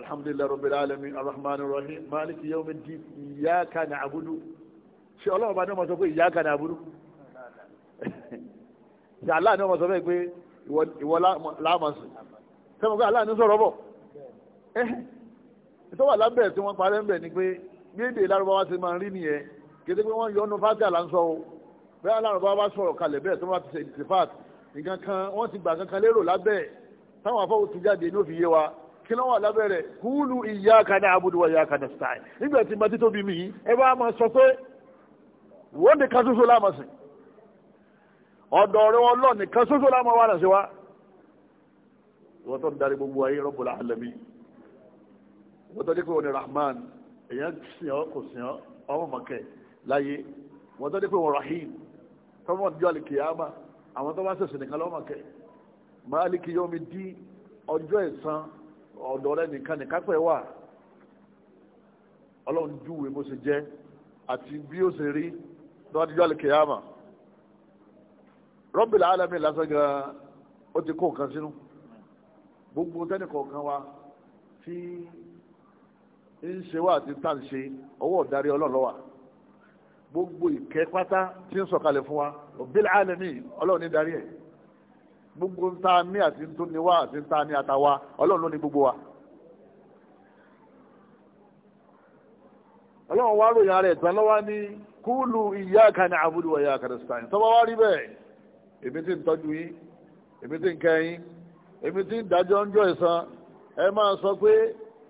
alhamdulilayi rabbil alamin arrahmanir rahim na yawmiddin iyyaka ṣe ọlọ́run bá ní ọmọ sọ pé iyyaka na'budu ṣe aláàánú ọmọ sọ fẹ́ pé ìwọ pé sọ̀rọ̀ bọ̀ ẹ́ tí wọ́n parẹ́ ń bẹ̀ ni pé bí èdè wa ti máa rí nìyẹn kété pé wọ́n yọ ọ́nù fájà là ń sọ o bẹ́ẹ̀ lárúbáwá sọ̀rọ̀ kalẹ̀ bẹ́ẹ̀ tó bá ti ṣe ìtìfàt nǹkan kan wọ́n ti gbà kankan lérò lábẹ́ táwọn afọ́wò tún jáde ní òfìyé wa kí lọ́wọ́ lábẹ́ rẹ̀ kúlù iyyaka na'budu wa iyyaka nasta'in nígbà tí mati tító mi yìí ẹ bá máa sọ pé wọ́n ní kan ṣoṣo láàmà sí ọ̀dọ̀ rẹ̀ wọn lọ ní kan ṣoṣo láàmà wà sí wa wọ́n tó ń darí gbogbo ayé Rabbul alamin wọ́n tó dé pé òní Rahman èyàn sìn ọ́ kò sìn ọ́ ọmọ mọ̀kẹ́ láyé wọ́n tó dé pé wọ́n rahim tọ́mọ̀ jọ́ àlìkìyàmà àwọn tó bá sẹ̀sìn nìkan lọ́mọ kẹ́ máàlìkì yóò mi dí ọjọ́ ẹ̀san ọ̀dọ̀ rẹ nìkan nìkan pẹ̀ wà ọlọ́run júwe bó ṣe jẹ́ àti bí ó ṣe rí tó bá dijọ́ àlìkìyàmà rọ́bìlà alámi lásán gan ó ti kó nǹkan sínú gbogbo tẹ́nìkọ̀ọ̀kan wa tí. Si, ń ṣe wá àti tá à ń ṣe ọwọ́ ọ̀darí ọlọ́run gbogbo ìkẹ́ pátá tí ń sọ̀kalẹ̀ fún wa bil alamin ọlọ́run ní darí ẹ̀ gbogbo ń ta ní àti tó ní wá àti ń ta ní àtàwa ọlọ́run ní gbogbo wa. ọlọ́run wá ròyìn ara ẹ̀tàn lọ́wọ́ ní kúlù iyyaka na'budu wa iyyaka nasta'in tọ́ba wá rí bẹ́ẹ̀ èmi tí ń tọ́jú yín èmi tí ń kẹ́ èmi tí ń dájọ́ ń jọ ẹ máa sọ pé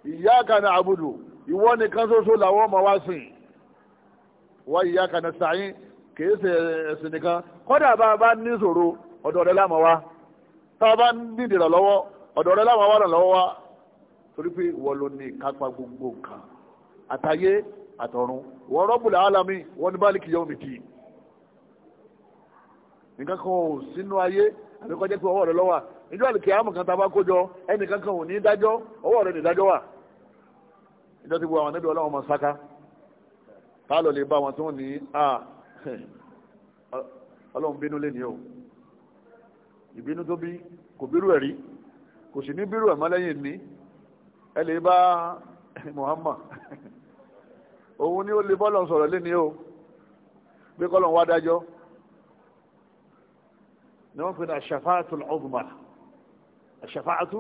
na Abudu, iwọ nìkan ṣoṣo làwọn ọmọ wa sìn wa iyaka na kìí ṣe ẹ̀sìn nìkan kódà bá a bá ní ìṣòro wa tá a bá ní ìdìrọ̀ lọ́wọ́ ọ̀dọ̀ rẹ wa ràn lọ́wọ́ wa torí pé ìwọ ló gbogbo nǹkan àtayé àtọ̀run wọ́n rọ́bùlà alami wọ́n ní báàlì kìyọ́ mi kì í nǹkan kan ò sínú ayé àbíkọ́jẹ́ pé ọwọ́ rẹ lọ́wọ́ ìjọ tá a bá ẹnìkan ìjọ ti gbogbo àwọn níbi ọlọ́wọ́n máa sáká ká lọ lè bá wọn tí wọ́n ní à ọlọ́run bínú lé ní o ìbínú tó bí kò bírú ẹ̀rí kò sì ní bírú ẹ̀mọ́ lẹ́yìn ní ẹ lè bá Muhammad òun ni ó lè bọ́lọ̀ sọ̀rọ̀ lé ní o bí kọ́lọ̀ wá dájọ́ ni wọ́n fi ní àṣàfáàtù al-uzma àṣàfáàtù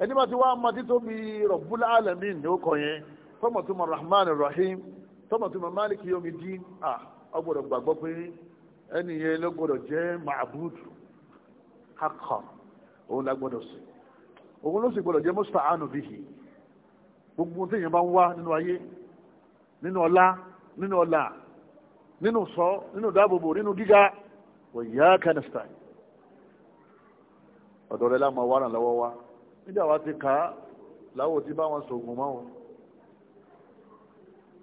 ẹni bá ti wá ma títóbi Rabbul Alamin ní ó kọ yẹn Rahman Rahim tọmọtúmọ̀ Maliki Yawmiddin ah ọgbọ́dọ̀ gbàgbọ́ pé ẹni yẹn ló gbọ́dọ̀ jẹ́ ma'bud haqqan òun la gbọ́dọ̀ sí òun ló sì gbọ́dọ̀ jẹ́ bihi gbogbo bá ń wá nínú ayé nínú ọlá nínú nínú sọ nínú dáàbòbò nínú gíga wọ̀nyá ọ̀dọ̀ rẹ̀ wàràn nígbà ti kà á tí bá wọn sògùn mọ́ wọn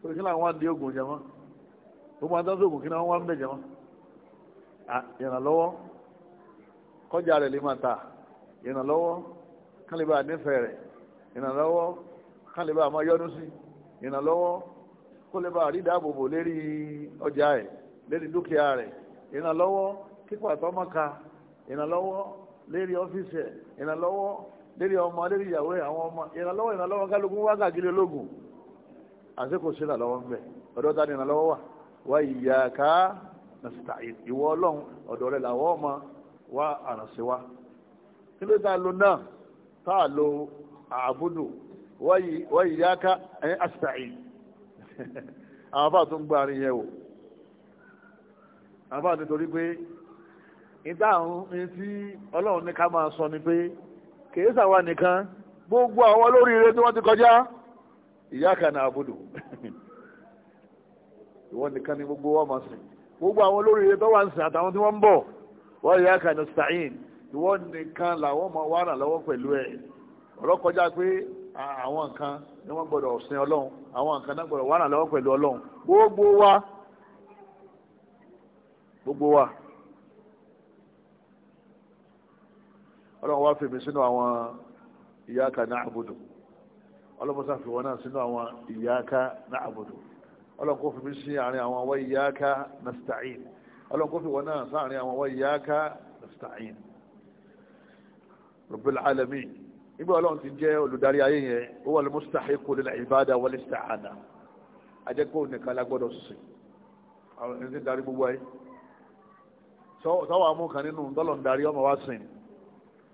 pé kí làwọn wá di oògùn jẹ mọ́ máa dá sóògùn kí ni wọ́n bẹ̀ jẹ ìrànlọ́wọ́ kọjá rẹ̀ lè máa ta ìrànlọ́wọ́ nífẹ̀ẹ́ rẹ̀ ìrànlọ́wọ́ máa yọ́nú sí ìrànlọ́wọ́ rí lérí ọjà lérí dúkìá rẹ̀ ìrànlọ́wọ́ kíkọ́ àtọ́mọ́ka lérí ọmọ lérí ìyàwó àwọn ọmọ ìrànlọ́wọ́ ìrànlọ́wọ́ kálukú wá káàkiri ológun àti kò sí ìrànlọ́wọ́ ń ta ni ìrànlọ́wọ́ wà wá ìyá ká nàṣìtà ìwọ ọlọ́run làwọ́ ọmọ wá wá kí ló lo lo àbúdù wá ká ẹ̀yìn àṣìtà àwọn àárín yẹn wò àwọn nítorí pé ìdáhùn ní ọlọ́run ní ká sọ ni pé kìí sàwa nìkan gbogbo àwọn olóríire tí wọ́n ti kọjá ìyá kan náà àbúdò ìwọ nìkan ni gbogbo wa máa sìn gbogbo àwọn olóríire tó wà ń sìn àtàwọn tí wọ́n ń bọ̀ wọ́n ìyá kan ní sàyìn ìwọ nìkan làwọn máa wà ràn lọ́wọ́ pẹ̀lú ẹ̀ ọ̀rọ̀ kọjá pé àwọn nǹkan ni wọ́n gbọ́dọ̀ sìn ọlọ́run àwọn nǹkan náà gbọ́dọ̀ wà ràn lọ́wọ́ pẹ̀lú ọlọ́run gbogbo wa gbogbo wa. ọlọ́run wá fèmí sínú àwọn iyyaka na'budu ọlọ́run sá fèwọ́n náà sínú àwọn iyyaka na'budu ọlọ́run kó fèmí sí àárín àwọn wa iyyaka nasta'in ọlọ́run kó fèwọ́n náà sáàrin àwọn wa iyyaka nasta'in rabbil alamin nígbà ọlọ́run ti jẹ́ olùdarí ayé yẹn ó wà al-mustahiqu lil-ibada wal-ista'ana ajẹ́kọ̀ọ́ nìkan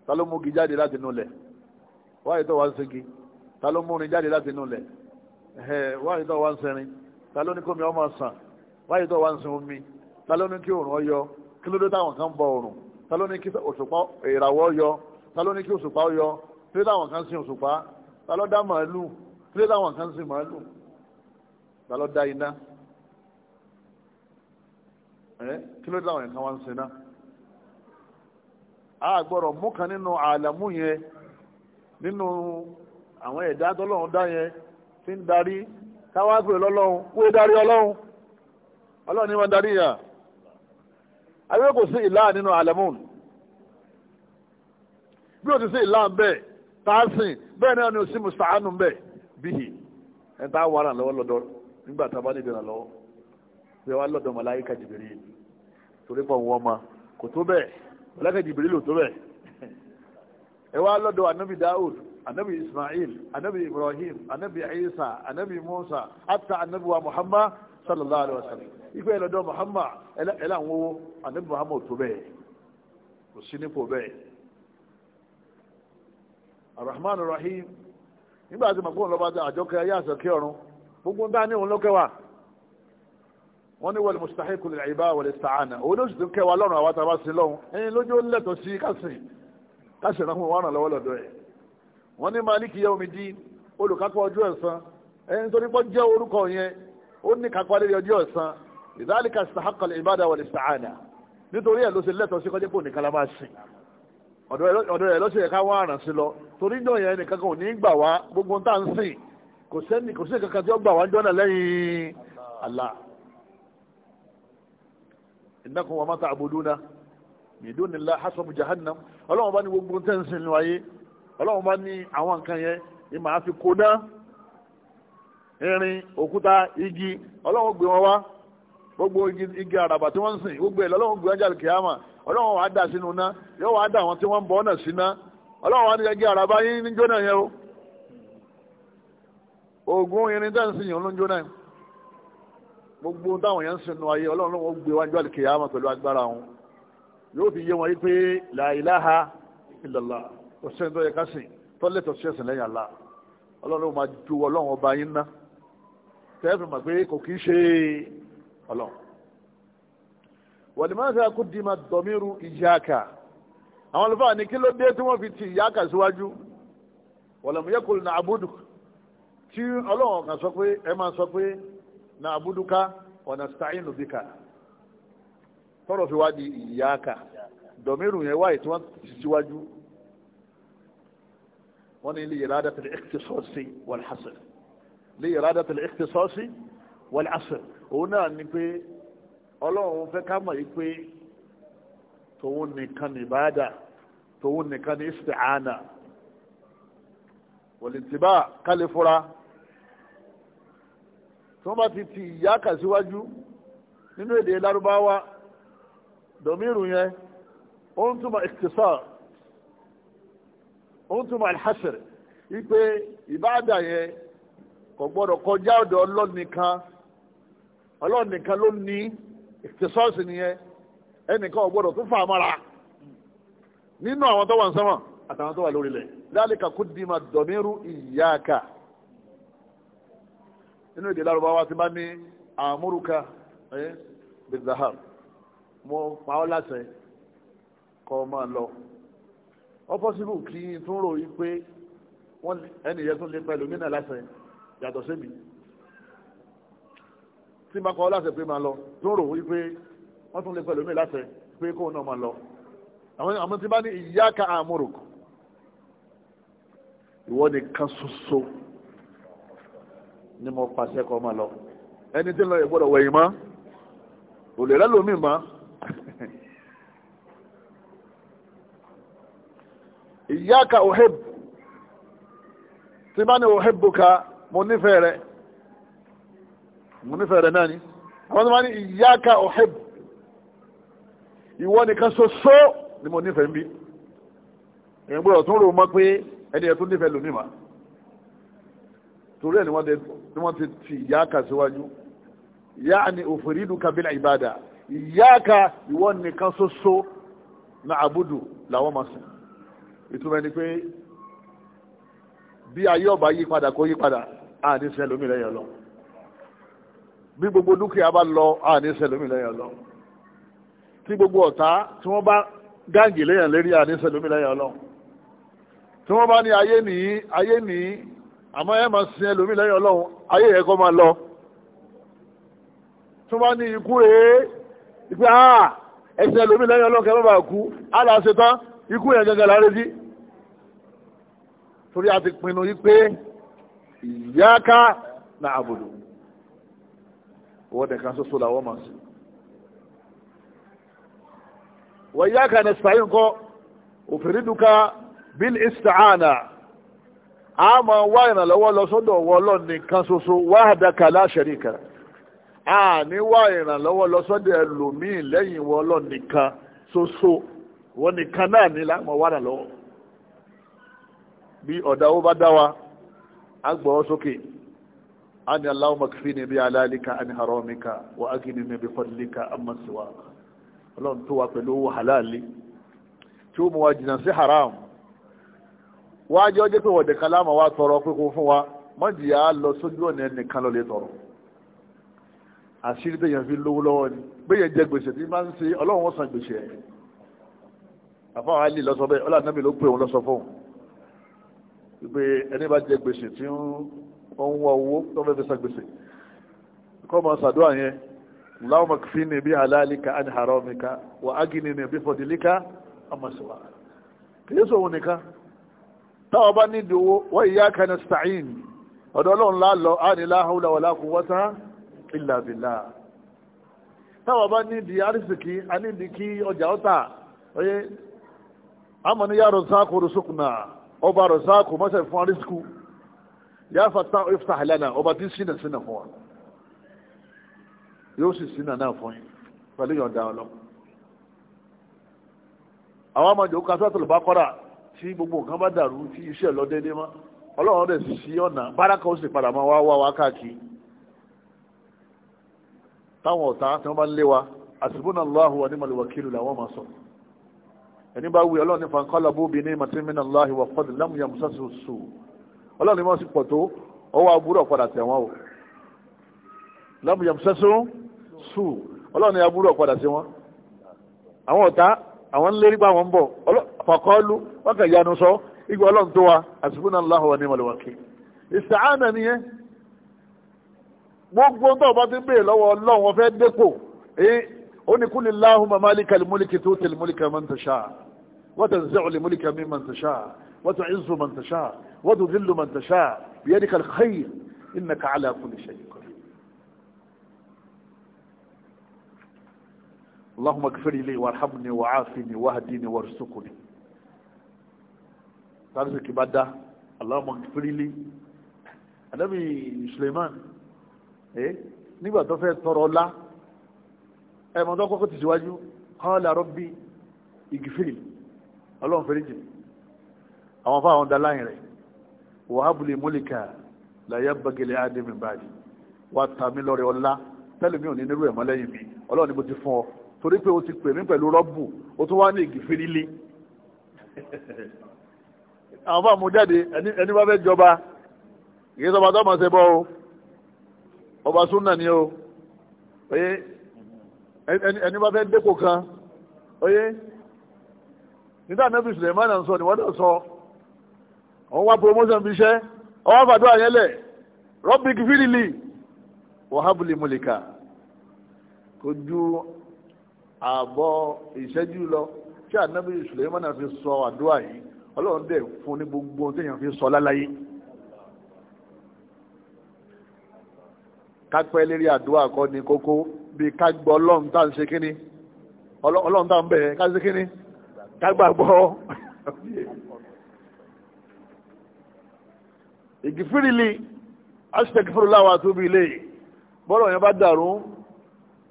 ta ló mú gi jáde láti inú lẹ̀ wáyé tó wá ń segi ta ló mú rin jáde láti inú lẹ̀ ẹ̀ wáyé tó wá ń sẹrin ta ló ní kómi ọmọ sàn wáyé tó wá ń sin omi ta ló ní kí òrùn ọyọ kí ló dé táwọn kan bọ òrùn ta ló ní kí òṣùpá ìràwọ̀ ọyọ ta ló kí òṣùpá ọyọ kí ló táwọn kan sin òṣùpá ta dá màálù kí ló táwọn kan sin màálù ta dá iná kí ló táwọn kan wá ń sin náà. a gbọ́dọ̀ mú kan nínú àlàmú yẹn nínú àwọn ẹ̀dá tọ́lọ́run dá yẹn tí ń darí lọ́lọ́run darí ọlọ́run ọlọ́run ni wọ́n darí yà ayé kò sí ìlà nínú àlàmú bí o ti sí ìlà bẹ́ẹ̀ tààsìn bẹ́ẹ̀ ni o mùsàánù bẹ́ẹ̀ bíyì ẹ̀ tá a wà ràn lọ́wọ́ nígbà tá a bá níbi ràn lọ́wọ́ bí lọ́dọ̀ ma kò tó bẹ́ẹ̀. mọ̀lẹ́kà jìbìrì lò tó bẹ̀ ẹ wá anabi daud anabi ismail anabi ibrahim anabi isa anabi musa hatta anabi wa muhammad sallallahu alaihi wa sallam ife ẹlọ́dọ̀ muhammad ẹlẹ́ àwọn owó anabi muhammad tó bẹ̀ kò sí nípò bẹ́ẹ̀ rahim nígbà tí màgbọ́n lọ́ba àjọkẹ́ ayé àṣọkẹ́ ọ̀run gbogbo ń dá ní òun lọ́kẹ́ wa. wọ́n ní wọ́n mustahiqu lil ibada wal ista'ana òun ló sì tún kẹwàá lọ́rùn àwọn àtàwọn sí lọ́hùn ẹyin lójú ó lẹ́tọ̀ sí kásìn kásìn náà wọ́n ràn lọ́wọ́ lọ́dọ̀ ẹ̀ wọ́n ní maliki yawmiddin olùkápá ọjọ́ ẹ̀san ẹyin tó ní pọ́ jẹ́ orúkọ yẹn ó ní kápá lórí ọjọ́ ẹ̀san lidhalika istahaqqa al ibada wal ista'ana nítorí ẹ̀ ló ṣe lẹ́tọ̀ sí kọjá pò ní kalama ìnákan wọn máa ta àbòdúnà mìdúnilá hasabu jahannam ọlọ́run ba ni gbogbo tẹ́ sin lu ayé ọlọ́run bá ní àwọn nǹkan fi koda irin igi ọlọ́run gbé gbogbo igi àràbà tí wọ́n ń gbogbo igi o oògùn irin tẹ́ ń sìn yìí ló ń gbogbo táwọn èèyàn ń sinú ayé ọlọ́run ló ń gbé wájú àlùkìyámà pẹ̀lú agbára wọn yóò fi yé wọn wípé la ilaha illallah tó yẹ ká sìn tọ́lẹ̀tọ̀ sí ẹ̀sìn lẹ́yìn àlá ọlọ́run máa ju ọlọ́run ọba yín ná tẹ́ẹ̀fì ma dọ̀míru ìyáàkà àwọn ní kí ló dé tí wọ́n fi ti ìyáàkà síwájú na'buduka wa nasta'inu bika tọ́rọ̀ fi wá di iyyaka dọ̀míìrù yẹn wáyé tí wọ́n ti síwájú wọ́n ní li iradati al-ikhtisasi wal-hasr li iradati al-ikhtisasi wal-hasr òun náà ni pé ọlọ́run fẹ́ ká mọ̀ yìí pé tòun nìkan ní ìbáàdà tòun nìkan ní isti'ana wal-ittiba' tó bá ti ti ìyá kà síwájú nínú èdè lárúbáwá domiru yẹn ó ń túmọ̀ ikhtisar ó ń túmọ̀ alhasr wípé ìbáàdà yẹn kò gbọ́dọ̀ kọjá ọ̀dọ̀ ọlọ́nìkan ọlọ́nìkan ló ní ìtẹ̀sọ́ọ̀sì nìyẹn ẹnìkan ò gbọ́dọ̀ tún fà mára nínú àwọn tó wà ń sánmọ̀ àtàwọn tó wà lórí ilẹ̀ lálẹ́ka kó dì máa dọ̀míru nínú èdè lárúbáwá ti bá ní àmúrúka bizahar mo pa ọ́ láṣẹ kọ́ ọ máa lọ ọ́pọ́sibù kí n tún rò yí pé ẹnì yẹn tún lè pẹ́ lómìnà láṣẹ yàtọ̀ sébi tí máa kọ́ ọ láṣẹ pé máa lọ tún rò yí pé wọ́n tún lè pẹ́ lómìnà láṣẹ pé kóun náà máa lọ àwọn àmọ́ tí bá ní ìyá ka àmúrùk ìwọ nìkan ṣoṣo ni mo pàṣẹ kọ́ máa lọ ẹni tí ń lọ yẹ wẹ̀yìn mọ́ òlè lẹ́lòmíì mọ́ ìyáka òhèb tí bá ní òhèbùka mo nífẹ̀ẹ́ rẹ̀ mo nífẹ̀ẹ́ rẹ̀ náà ni àwọn tó bá ní ìyáka òhèb ìwọ nìkan ṣoṣo ni mo nífẹ̀ẹ́ ń bí èyí gbọ́dọ̀ tún rò mọ́ pé ẹni ẹ̀ tún nífẹ̀ẹ́ lòmíì mọ́. torí ẹ̀ ni wọ́n ti ti ìyáka síwájú ìyá ni òfòrídù kabila ìbádà ìyáka ìwọ nìkan na àbúdù làwọn máa sìn ìtumọ̀ ni pé bí ayé ọba yí padà kó yí padà àní sẹ́ lómi lẹ́yìn ọlọ́ bí gbogbo dúkìá bá lọ àní sẹ́ lómi lẹ́yìn ọlọ́ tí gbogbo ọ̀tá tí wọ́n bá gáǹgì lẹ́yìn lérí àní sẹ́ lómi lẹ́yìn ọlọ́ tí wọ́n bá ní àmọ́ ẹ máa sin ẹlòmíì lẹ́yìn ọlọ́run ayé yẹ kó máa lọ tó bá ní ikú rèé ìpè áà ẹsìn ẹlòmíì lẹ́yìn ọlọ́run kẹfẹ́ bá kú àlà ṣetán ikú yẹn gẹ́gẹ́ láre sí torí a ti pinnu yí ìyáká na àbùdù owó ṣoṣo làwọn máa sìn wọ́n ìyáká na sàyìn kọ́ òfìrí duka bíl ìsìtàánà a máa wá ìrànlọ́wọ́ lọ sọ́dọ̀ ọwọ́ ọlọ́run nìkan ṣoṣo wahdaka la sharika a ní wá ìrànlọ́wọ́ lọ sọ́dọ̀ ẹlòmíì lẹ́yìn ìwọ ọlọ́run nìkan ṣoṣo wọn nìkan náà ní láàmú wá ìrànlọ́wọ́ bí ọ̀dà ó bá dá wa a gbọ́ sókè a ní Allahumma kfini bi alalika an haramika wa aghnini bi fadlika amma siwaka ọlọ́run tó wa pẹ̀lú owó halali tí ó mú wa jìnnà sí haram wá jẹ́ ọjọ́ pé wọ̀dẹ̀ kan láàmú wa tọrọ pé kó fún wa má jìyà lọ sójú ọ̀nà ẹnìkan lọ lè tọrọ àṣírí tẹ̀yàn fi lówó lọ́wọ́ ni gbẹ̀yẹ̀ jẹ gbèsè tí máa ń ṣe ọlọ́run wọn san gbèsè ẹ̀ àfáwọn alì lọ́sọ bẹ́ẹ̀ ọlọ́run náà ló pè òun lọ́sọ fóun wípé ẹni bá jẹ gbèsè tí ó ń wọ owó tó fẹ́ fi san gbèsè kọ́ máa ṣàdúrà yẹn láwọn makfi ní bí halálíka àni haramika wà ágìní ní bí fọdílíka àmàṣíwá kìí sọ òun nìkan táwọn bá ní ìdíwó wa iyyaka nasta'in ọ̀dọ̀ ọlọ́run lálọ́ la hawla wala quwwata illa billah táwọn bá ní ìdí arísìkí a ní ìdí kí ọjà ọ̀tà oyé amọ̀ni yá rọ̀sáàkù rọ̀sọ́kùnà ọba rọ̀sáàkù mọ́sẹ̀ fún arísìkú yá fata iftah lana ọba tí sínà sínà fún wa yóò sì sínà náà fún yín pẹ̀lú yọ̀ǹda ọlọ́ àwọn ọmọ ìjòkó kásátùlù bá kọ́ra tí gbogbo nǹkan bá dàrú tí iṣẹ́ lọ déédéé mọ́ ọlọ́run dẹ̀ sí ọ̀nà báràkà ó sì padà máa wá wá káàkiri táwọn ọ̀tá tí wọ́n bá ń lé wa àsìbónà lọ́hùn wa ní màlúwàkìlù làwọn máa sọ ẹni bá wí ọlọ́run ní fankọ́lá bóbi ní màtímínà lọ́hùn wa fọ́dù lámùyà musasu sù ọlọ́run ní wọ́n sì pọ̀ tó ọwọ́ aburú ọ̀padà tẹ̀ o lámùyà musasu sù ọlọ́run ní aburú ọ̀padà sí wọn àwọn ọ̀tá àwọn lérí bá wọn bọ̀ fàkọ́lù wọ́n kà yanu sọ igbó ọlọ́run tó wa hasbunallahu wa ni'mal wakeel ìsàánà nìyẹn gbogbo tó o bá ti béè lọ́wọ́ ọlọ́run wọn fẹ́ dépò ee ó ní kúlì láhùnmá máàlíkà lìmúlìkì tó tẹ̀lé múlìkà man tasha wa tanzi'u lìmúlìkà mi man tasha wa tu'izzu man اللهم اغفر لي وارحمني وعافني واهدني وارزقني tàbí bá dá Allahumma gfirli Ànábì Suleiman ẹ́ eh, nígbà tó fẹ́ tọrọ ọlá ẹmọ tó kọ́kọ́ ti síwájú qala rabbi igfirli ọlọ́run fẹ́rí jì àwọn fáwọn dáláyìn rẹ̀ wa hab li mulka la yanbaghi li ahadin min ba'di wà tàmí lọ́rẹ̀ ọlá tẹ́lẹ̀mí ò ní nírú ẹ̀mọ́ lẹ́yìn mi ọlọ́run ni mo ti fún ọ torí pé o ti pè mí pẹ̀lú rọ́bù o tún wá ní ìgìfirílé àwọn bá mú jáde ẹni bá fẹ́ jọba ìyẹn sọba tó máa ṣe bọ́ o ọba súnà ni o oye ẹni bá fẹ́ dépò kan oye nígbà nẹ́bí Suleiman náà sọ ni wọ́n náà sọ àwọn wá promotion fi iṣẹ́ ọwọ́ fàdúrà yẹn lẹ̀ rọ́bì ìgìfirílé wọ́n hábùlì múlìkà kò ju àbọ̀ ìṣẹ́jú lọ tí ànábì Suleiman náà fi sọ àdúrà yìí ọlọ́run dẹ̀ fún ní gbogbo ohun téèyàn fi sọ láláyé kápẹ́ lérí àdúrà kọ́ ni kókó bíi ká gbọ́ ọlọ́run tá à ń ṣe kínní ọlọ́run tá à ń bẹ̀rẹ̀ ká ṣe kínní ká gbàgbọ́ ìgìfìrìlì aṣèkìfìrìlà wà tóbi ilé bọ́lọ̀ yẹn bá dàrú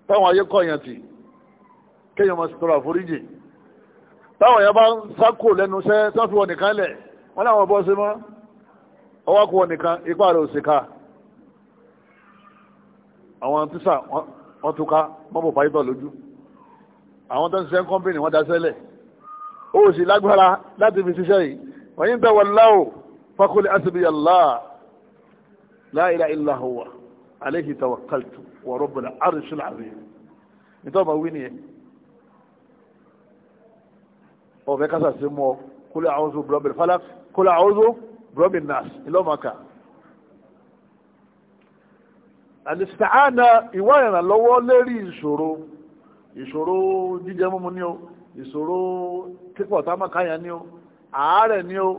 táwọn ayé kọ̀ yẹn tì kéèyàn máa sọ̀rọ̀ àforíjì táwọn yẹn bá ń sákò lẹ́nu iṣẹ́ tó fi wọ̀n nìkan lẹ̀ wọ́n láwọn bọ́ sí mọ́ ọwọ́ kò wọ̀n nìkan ipá rẹ̀ ò sì ká àwọn tíṣà wọ́n tún ká mọ́bù pàyítọ̀ lójú àwọn tó ń ṣiṣẹ́ kọ́mpìnì wọ́n daṣẹ́lẹ̀ ó sì lágbára láti fi ṣiṣẹ́ yìí wọ́n yín tẹ̀wọ̀ láwò fakoli asibiya láìra ilà hùwà aléhi tawakkaltu wà rọ́bùnà nítorí wọ́n wí nìyẹn ọ̀fẹ́ kásà sí mọ́ kólé àwọ́sọ bùrọ́bìn falak kólé àwọ́sọ bùrọ́bìn nas ìlọ́màkà àdìsítáàna ìwà ìrànlọ́wọ́ lérí ìṣòro ìṣòro jíjẹ mímu ni o ìṣòro kíkọ̀ tá má káyà ni o àárẹ̀ ni o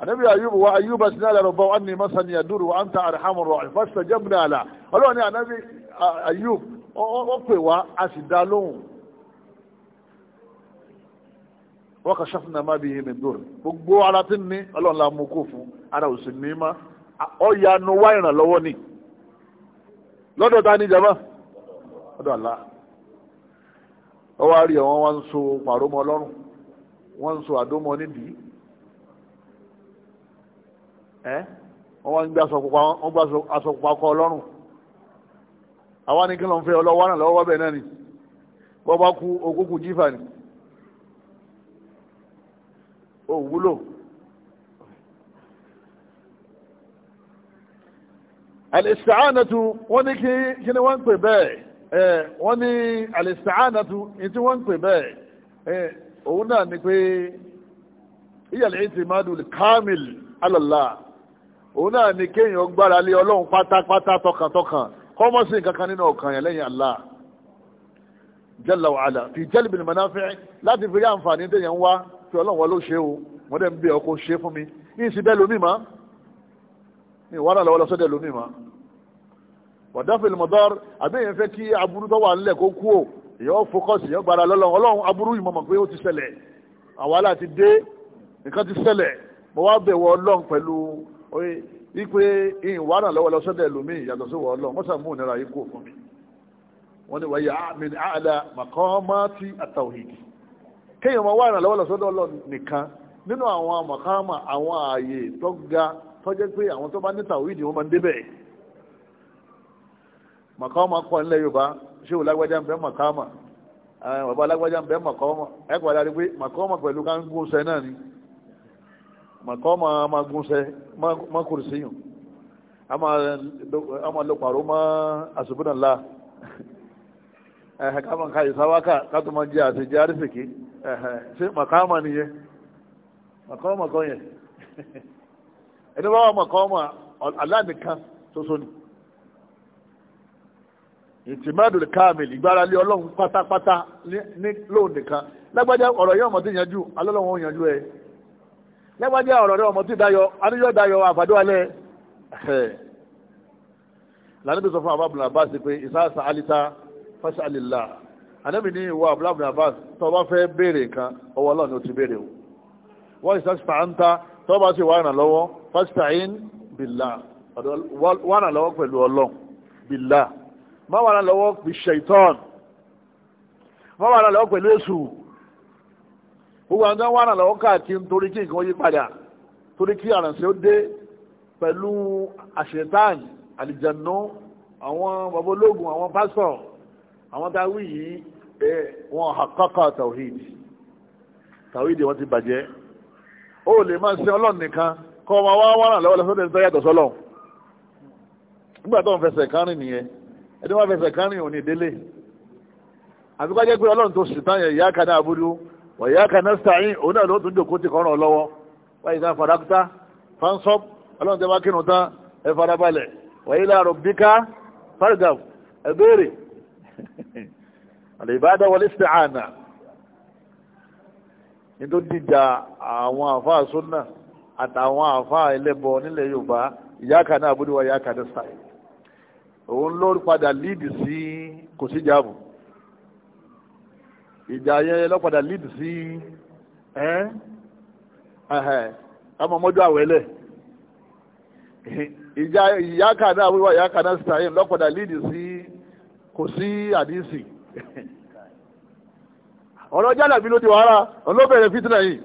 ànábì ayúbù wa ayúbà sí náà lọ́rọ̀ bọ́ wọn ni masani adúrú wa ń ta àrẹ̀hámù rọ̀ ìfọ́sẹ̀ àlà ọlọ́run ni ayúbù ó pè a sì dá lóhùn wọ́n kà ṣáfù náà má bí himi dùn gbogbo ara tí ní ọlọ́run la mú kó fún ara ò sì ní má ọ̀yanu wá ìrànlọ́wọ́ ni lọ́dọ̀ ta ni jama lọ́dọ̀ àlá ọwọ́ àrí ẹ̀wọ̀n wá ń so pàrómọ ọlọ́run wọ́n ń so àdómọ nídìí ẹ́ wọ́n wá ń gbé aṣọ pupa kọ ọlọ́run àwa ni kí ló ń fẹ́ ọlọ́wọ́ náà bẹ́ẹ̀ náà ni bọ́ bá kú okúkú jífà ni ò wúlò. àlìsàánàtù wọ́n ní kí ni wọ́n ń pè bẹ́ẹ̀ wọ́n ní àlìsàánàtù ní tí wọ́n ń pè bẹ́ẹ̀ òun náà ni pé ìyàlẹ̀ yìí ti máa dùn kámìl alàlá òun náà ni kéèyàn gbára lé ọlọ́run pátápátá tọkàntọkàn kọ́mọ́sí nǹkan kan nínú ọkàn yẹn lẹ́yìn Allah jalla wa ala fi jalbil manafi' láti fi rí àǹfààní téèyàn ń wá pé ọlọ́run a ló ṣe o wọ́n dẹ̀ ń bẹ ọkọ̀ ṣe fún mi ní ìsìn bẹ́ẹ̀ lómi ma ní ìwádà lọ́wọ́ lọ sọ́dẹ̀ lómi mà wàdáfẹ́lì àbẹ́yẹn fẹ́ kí aburú wà ńlẹ̀ kó kú o fọkọ́sì pé ó ti ti dé nǹkan ti mo wá bẹ̀wọ̀ ọlọ́run pẹ̀lú ipe lọ́wọ́ lọ sọ́dẹ̀ ìyàtọ̀ sí ọlọ́run ìnira yìí kú fún mi wọ́n ní wáyé àmì kéèyàn máa wá ìrànlọ́wọ́ lọ́sọ́dọ̀ Ọlọ́run nìkan nínú àwọn àmọ̀kámà àwọn ààyè tó ga tó jẹ́ pé àwọn tó bá ní tàwídì wọ́n máa ń débẹ̀ màkàmà kọ́ nílẹ̀ Yorùbá ṣé òun lágbájá ń bẹ́ màkàmà bàbá alágbájá ń bẹ́ màkàmà ẹ padà rí pé màkàmà pẹ̀lú ká ń gúnṣẹ́ náà ni màkàmà máa gúnṣẹ́ má kùrìsì yàn a máa lo pàrọ̀ mọ́ àṣùbùdàn láà ẹ̀ka máa ka ìsáwákà ká tó máa jẹ àtẹ̀jẹ́ àrífèké ṣe màkàmà nìyẹn màkàmà kan yẹn ẹni bá wà màkàmà aláàmìkan ṣoṣo ni ìtìmọ́dù káàmìl ìgbáralé ọlọ́run pátápátá ní lóun nìkan lágbájá ọ̀rọ̀ yẹn ọmọ tí yanjú alọ́lọ́run ó yanjú ẹ lágbájá ọ̀rọ̀ rẹ ọmọ tí dayọ aníyọ dayọ àfàdó alẹ́ ẹ̀ lànà bí sọ fún abábùnà bá ṣe pé ìsáàsà alita fásálìlá anábì ní ìwọ abúlábùn abbas tó bá fẹ́ béèrè nǹkan ọwọ́ ọlọ́run ló ti béèrè o wọ́n ìsásítà ń ta tó bá sì wà ràn lọ́wọ́ fásitàín bìlà wà ràn lọ́wọ́ pẹ̀lú ọlọ́run bìlà má wà ràn lọ́wọ́ bí ṣèitán má wà ràn lọ́wọ́ pẹ̀lú èṣù gbogbo àwọn tó wà ràn lọ́wọ́ káàkiri torí kí nǹkan yí padà torí kí àrànṣẹ́ ó dé pẹ̀lú àṣetán àlìjànú àwọn babológun àwọn pásítọ̀ àwọn táwí yìí wọn àkọ́kọ́ tawhid tawhid wọn ti baje o le máa sin olon nikan kọ́ ọmọ wa wọ́n ràn lọ́wọ́ lọ́sọ́dẹ̀ nítorí àtọ̀ sọ́lọ́ nígbà tó ń fẹsẹ̀ kárìn nìyẹn ẹni wọ́n fẹsẹ̀ kárìn òní délé àbíkọ́ jẹ́ pé ọlọ́run tó abudu wọ̀ ìyá ti koran lọ́wọ́ (laughs) àlèbádá wọlé sí àná ní tó dìjà àwọn àfáà súnà àtàwọn àfáà ẹlẹ́bọ nílẹ̀ yorùbá ìyáka náà àbúrò wa ìyáka ní sáì òun ló padà líìdì sí kò sí jáàbù ìjà yẹn ló padà líìdì sí ẹ́ ẹ̀hẹ̀ ọmọ mọ́jú àwẹ̀lẹ̀ ìyáka náà àbúrò wa ìyáka ní sáì ló padà sí kò sí àdìsí ọ̀rọ̀ jálàbí ló ti wàhálà ọlọ́bẹ̀rẹ̀ fìtínà yìí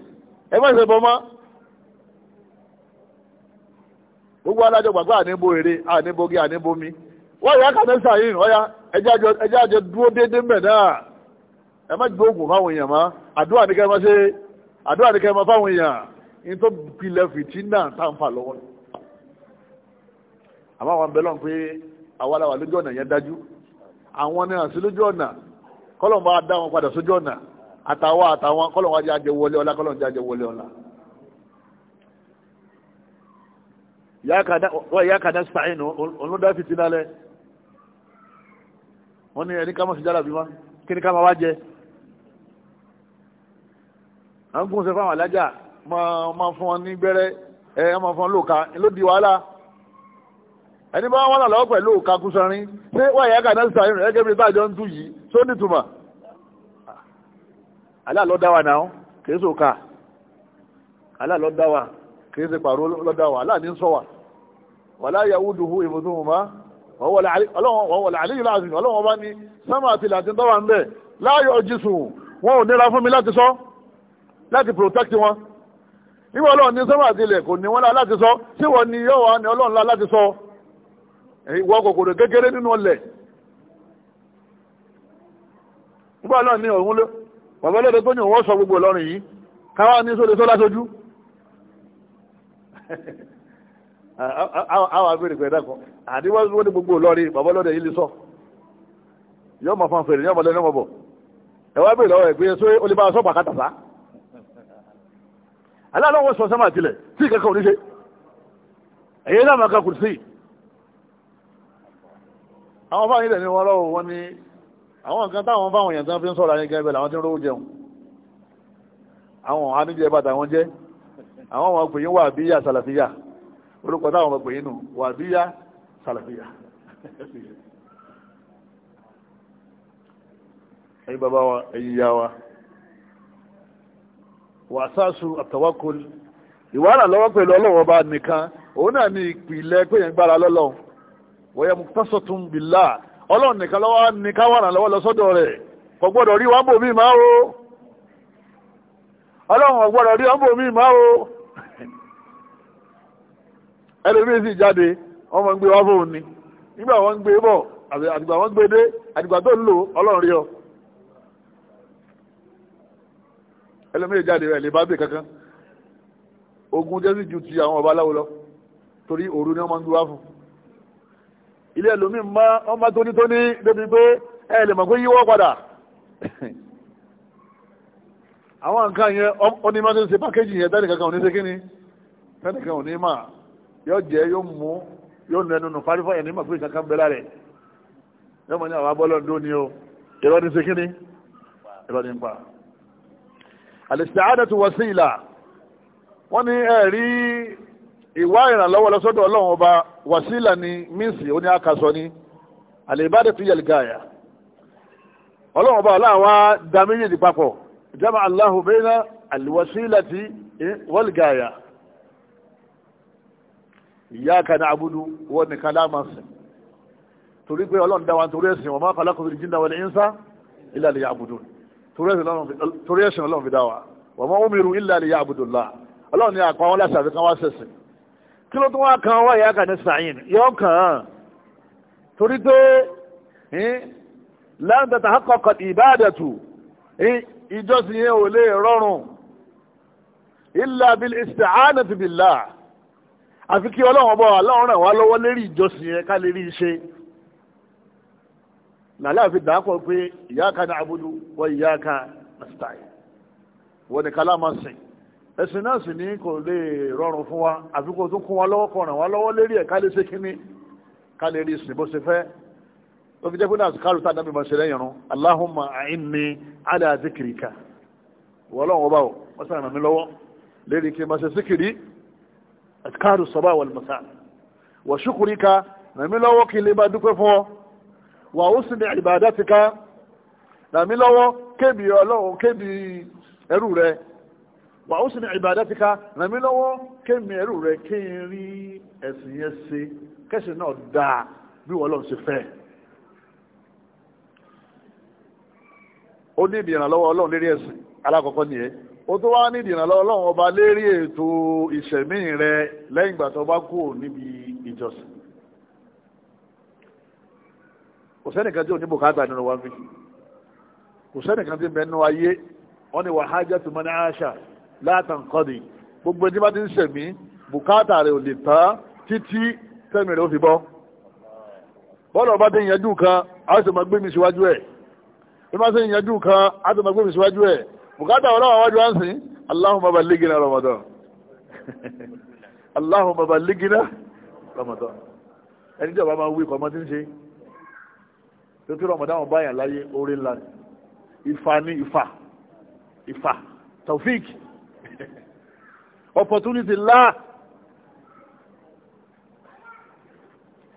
ẹ má ṣe gbogbo alájọ gbàgbọ́ wọ́n yà sàyìn ọ̀yà ẹjẹ́ dúró déédéé ẹ má gbé oògùn fáwọn èèyàn àdúrà ní kẹ́mọ́ ṣe àdúrà ní kẹ́mọ́ fáwọn èèyàn ní tó pilẹ̀ fìtínà táǹfà lọ́wọ́ àmọ́ àwọn abẹ́lọ́n pé àwa làwà lójú ọ̀nà àwọn ní àti lójú ọ̀nà kọ́lọ̀n bá dá wọn padà sójú ọ̀nà àtàwọn àtàwọn kọ́lọ̀n wájú ajẹ́ wọlé ọlá kọ́lọ̀n jẹ́ ajẹ́ wọlé ọlá wọ́n ìyá kàdá sàáyìn olódá fìtí lálẹ́ wọ́n ní ẹni ká mọ́ sí jára bí wá kí ni ká máa wá à ń gún sẹ́fà àwọn alájà máa fún wọn ní gbẹ́rẹ́ ẹ máa fún wọn lóòka ló wàhálà ẹni bá wọn lọ pẹ̀lú kakusanrin ṣé wọ́n yẹ ká náà sàyẹn rẹ̀ gẹ́gẹ́ bí bájọ́ ń tú yìí tó ní tuma Allah ló dá wa náà kì í sòkà Allah ló dá wa kì í ṣe pàrọ̀ ló dá wa Allah ní sọ wa wàlá yawuduhu ibùdóhùnmá wọ́n wọ̀lá àlíyìn láàrin ọlọ́wọ́n bá ní sámà àti ń bẹ̀ láàyò jísùn wọn ò nira fún protect wọn ọlọ́run ní láti sọ ìwọ kòkòrò kékeré nínú ọlẹ̀ nígbà náà ní òun ló bàbá lóde tó ní òun sọ gbogbo Ìlọrin yìí káwá ní sóde sọ́lá sójú àwọn (laughs) abèrè pẹ̀lú ẹ̀dá kan àdíwọ́ tó ní gbogbo Ìlọrin bàbá lóde yìí lè sọ yóò mọ̀ fún fèrè yóò mọ̀ lẹ́nu ọmọ ẹ̀wọ́n bèrè lọ́wọ́ ẹ̀gbẹ́ sóyè ó lè bá sọ́ pàkátà sá aláàlọ́wọ́ sọ sẹ́mà tilẹ̀ tí ìkẹ́kọ̀ọ́ níṣe ẹ̀yẹ́ náà máa ka kùrùsí àwọn bá nílẹ̀ ní wọ́n lọ́wọ́ wọ́n ní àwọn nǹkan táwọn báwọn èèyàn tán fi ń sọ̀rọ̀ ayé gẹ́gẹ́ làwọn tí ń rówó jẹun àwọn aníjẹ bàtà wọn jẹ́ àwọn ọmọ pè yín wà bíyà sàlàfíyà orúkọ táwọn ọmọ pè yín nù wà bíyà sàlàfíyà ẹ̀yin bàbá wa ẹ̀yin ìyá wa wà sáàsù àtàwákòlì ìwà àlọ́wọ́ pẹ̀lú ọlọ́wọ́ bá nìkan òun náà ní ìpìlẹ̀ pé wọ́yẹ muftasatun billah ọlọ́run nìkan lọ́wọ́ ní káwàrà lọ́wọ́ lọ́sọ́dọ̀ rẹ̀ kò gbọ́dọ̀ rí wàá bò mí máa o ọlọ́run ọ̀gbọ́dọ̀ rí wàá bò mí máa o ẹlòmíín sì jáde wọ́n máa ń gbé wá fóun ni nígbà wọ́n ń gbé bọ̀ àdìgbà wọ́n ń gbé dé àdìgbà tó ń lò ọlọ́run rí ọ ẹlòmíín jáde rẹ̀ lè bá bè kankan ogun jẹ́sì ju ti àwọn ọba aláwo lọ torí òru ni wọ́n máa ń gbé wá fún ilé ẹlòmíì má ọmọ tónítóní débi pé ẹ lè mọ̀ pé yíwọ́ padà àwọn nǹkan yẹn ọní máa ń ṣe pákéjì yẹn tẹ́lẹ̀ kankan òní ṣe kí ni tẹ́lẹ̀ kankan òní mà yóò jẹ́ yóò mú yóò nu ẹnu nù fárífọ́ ẹ̀ ní mọ̀ pé kankan bẹ́ẹ̀ lára ẹ̀ yóò mọ̀ ní àwọn abọ́lọ̀ ń dóni o ìrọ̀ ní ṣe kí ni ìrọ̀ ní pa. al-ista'anatu wasila wọ́n ní ẹ̀rí ìwá ìrànlọ́wọ́ lọ́sọ́dọ̀ ọlọ́run ọba wàsílà ni mínsì ó ní àkàsọ ni àlèbádẹ́ tó yẹlẹ̀ gáàyà ọlọ́run ọba aláwa da méjèèjì papọ̀ jama Allahu bayna àlèwàsílà ti wọ́lgáàyà iyyaka na'budu wọ́n nìkan láàmà sìn torí pé ọlọ́run dá torí ẹ̀sìn wa ma khalaqtul jinna wal insa illa liya'budun torí ẹ̀sìn ọlọ́run fi dá wa wa ma umiru illa liya'budullah ọlọ́run ni àpá wọn láti àfikán wá sẹ̀sìn kí ló tún wá kan wá ìyá kàní sàyìn yọ kàn án torí pé lan tatahaqqaqa al-ibadatu ìjọsìn yẹn ò lè rọrùn illa bil isti'anati billah àfi kí ọlọ́run ọba aláwọ̀ ràn wá lọ́wọ́ lérí ìjọsìn yẹn ká lè rí iṣẹ́ làlá fi dàákọ̀ pé iyyaka na'budu wa iyyaka nasta'in wọ́n ni kálá sìn ẹ̀sìn náà sì ní kò lè rọrùn fún wa àfi kó tún kún wa lọ́wọ́ kó ràn wá lọ́wọ́ lérí ẹ̀ ká lè ṣe kínní ká lè rí ìsìn bó ṣe fẹ́ ó fi jẹ́ pé náà kárù tá àdábì máa ṣe lẹ́yìn rún Allahumma a'inni ala zikrika wọ́n lọ́wọ́ ọba o wọ́n sàn ràn mí lọ́wọ́ lérí kí n máa ṣe síkìrì àtikárù sọ́bà wal masa wa shukurika ràn mí lọ́wọ́ kí lè máa dúpẹ́ fún ọ wa husni ibadatika ràn mí lọ́wọ́ kébi ọlọ́run kébi ẹrú rẹ̀ wà ó sì ní remi ràn mí lọ́wọ́ kémi ẹrú rẹ kí n rí ẹ̀sìn yẹn ṣe kẹ́sìn náà dáa bí wọ́n lọ́n ṣe fẹ́ ó ní ìdìrànlọ́wọ́ ọlọ́run lérí ẹ̀sìn alákọ̀ọ́kọ́ nìyẹn ó tó wá ní ọlọ́run ọba lérí ètò ìṣẹ̀mí rẹ lẹ́yìn ìgbà tó bá kú níbi ìjọsìn kò sẹ́nìkan tí ò ní bùkátà nínú fi kò sẹ́nìkan tí bẹ́ẹ̀ látàn kọ́ni gbogbo ẹni bá ti ń sẹ̀mí bùkátà rẹ̀ ò lè tán títí tẹ́mi rẹ̀ ó fi bọ́ bọ́ọ̀lù ọba ti yanjú kan a sì máa gbé mi síwájú ẹ̀ bí wọ́n ti yanjú kan a sì máa gbé mi síwájú ẹ̀ bùkátà ọlọ́wọ́ wájú wá ń sìn Allahumma ballighna Ramadan (laughs) Allahumma ballighna Ramadan ẹni tí ọba máa wí kọ́mọ́ ti ń ṣe tókè Ramadan àwọn báyà láyé orí ńlá ìfà ní ìfà ìfà tawfik opportunity ńlá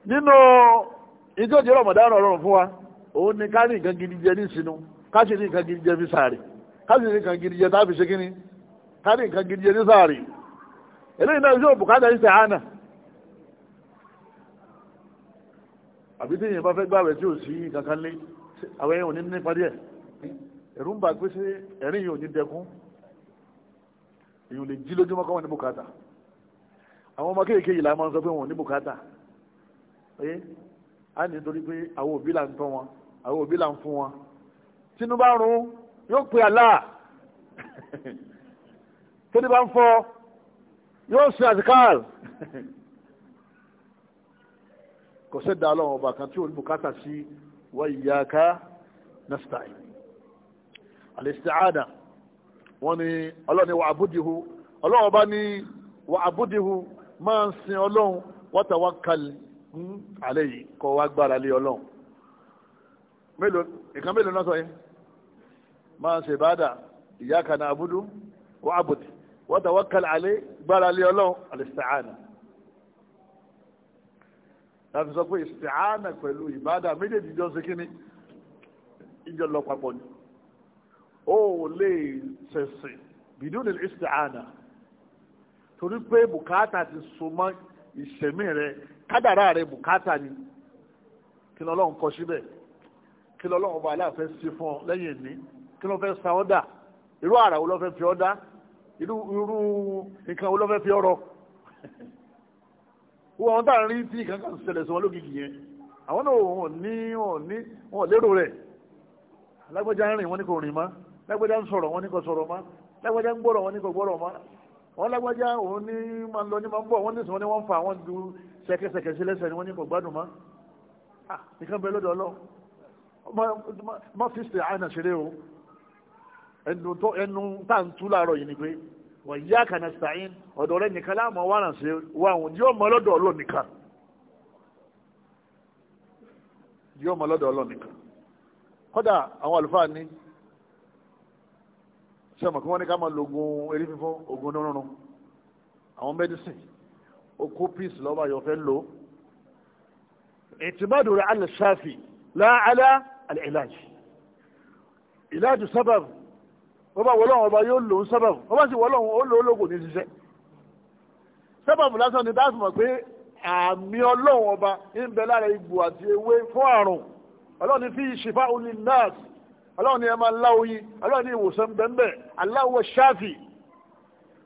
nínú ìjọ ìjọ rọmọdánù ọrọrùn fún wa òun ni ká ní nǹkan gidi jẹ ní ìsinú ká sì ní nǹkan gidi jẹ ní sàárì ká sì ní nǹkan gidi jẹ táàbì ṣe kíní ká ní nǹkan gidi jẹ ní sàárì eléyìí náà yóò bùkátà ní sàánà àbí tí èèyàn bá fẹ́ gbààwẹ̀ tí ò sí kankan lé àwọn èèyàn ò ní nípa díẹ̀ ẹ̀rù ń bà pé ṣé ẹ̀rín yìí ò ní dẹkùn èyàn lè jí lójúmọ́ kọ́ wọn ní bùkátà àwọn ọmọ kéèké yìí la máa ń sọ pé wọn ní bùkátà ẹ á ní torí pé àwọn òbí là ń tọ́ wọn àwọn òbí là ń fún wọn tínú bá yóò pe Allah (laughs) tóní bá ń fọ yóò sin àtikáàl (laughs) kò sẹ́dá ọlọ́run ọba kan tí ò ní bùkátà sí wa iyyaka nasta'in al-isti'ada wọ́n ní ọlọ́run ní wà abúdihu ọlọ́run ọba ní wà abúdihu máa ń sin ọlọ́run wa tawakkal hmm, alayhi kọ́ wa gbára lé ọlọ́run mélòó ìkan mélòó náà sọ yẹn máa ń ṣe ìbáàdà iyyaka na'budu wa abudi wa tawakkal alayhi gbára lé ọlọ́run al-isti'ana láti sọ pé isti'ana pẹ̀lú ìbáàdà méjèèjì jọ ṣe kíní ìjọ lọ papọ̀ ni ó lè ṣẹ̀sìn bìdún ní ìsìtìhánà torí pé bùkátà ti súnmọ́ ìṣẹ̀mí rẹ kádàrá rẹ bùkátà ni kí lọ́lọ́run kọ síbẹ̀ kí lọ́lọ́run ọba aláàfẹ́ sí fún ọ lẹ́yìn ìní kí lọ́ fẹ́ sa ọ́ dà irú àrà wo lọ́ fẹ́ fi ọ́ dá irú nǹkan wo lọ́ fẹ́ fi ọ́ rọ wọ́n tá rí tí kankan ṣẹlẹ̀ sí wọn lógìkì yẹn àwọn náà wọn ní wọn lérò rẹ̀ alágbèjà ń rìn wọn ní kò rìn mọ́ lágbájá ń sọ̀rọ̀ wọn ní kò sọ̀rọ̀ mọ́ lágbájá ń gbọ́rọ̀ wọn ní kò gbọ́rọ̀ mọ́ wọn lágbájá òun ní máa ń lọ ní máa ń bọ̀ wọn ní sọ ní ń fa ju ni ní kò gbádùn nìkan bẹ lọ́dọ̀ fi ṣe ṣeré o ẹnu tá à ń tú láàárọ̀ yìí ni pé wọ́n yá kàná ọ̀dọ̀ rẹ ṣé ọmọ kí wọ́n ní ká máa lo oògùn erí fífọ́ oògùn onírúurú àwọn mẹ́dísìn okó píìsì lọ́ba yóò fẹ́ lò ìtìmọ́dù rẹ̀ alẹ́ ṣáfì láàlá alẹ́ ìlàjì ìlàjì sábàbù bọ́bá wọlọ́wọ́ ọba yóò lò ó sábàbù bọ́bá sì wọlọ́wọ́ ó lò ó lògùn ní ṣiṣẹ́ sábàbù lásán ni dáàbò mọ̀ pé àmì ọlọ́wọ́ ọba ń bẹ lára igbó àti ewé fún àrùn ọlọ́ni fi ṣìfà olè náà ọlọ́run ni ẹ máa láwo yín ọlọ́run ni ìwòsàn bẹ́ẹ̀ aláwọ̀ ṣáàfì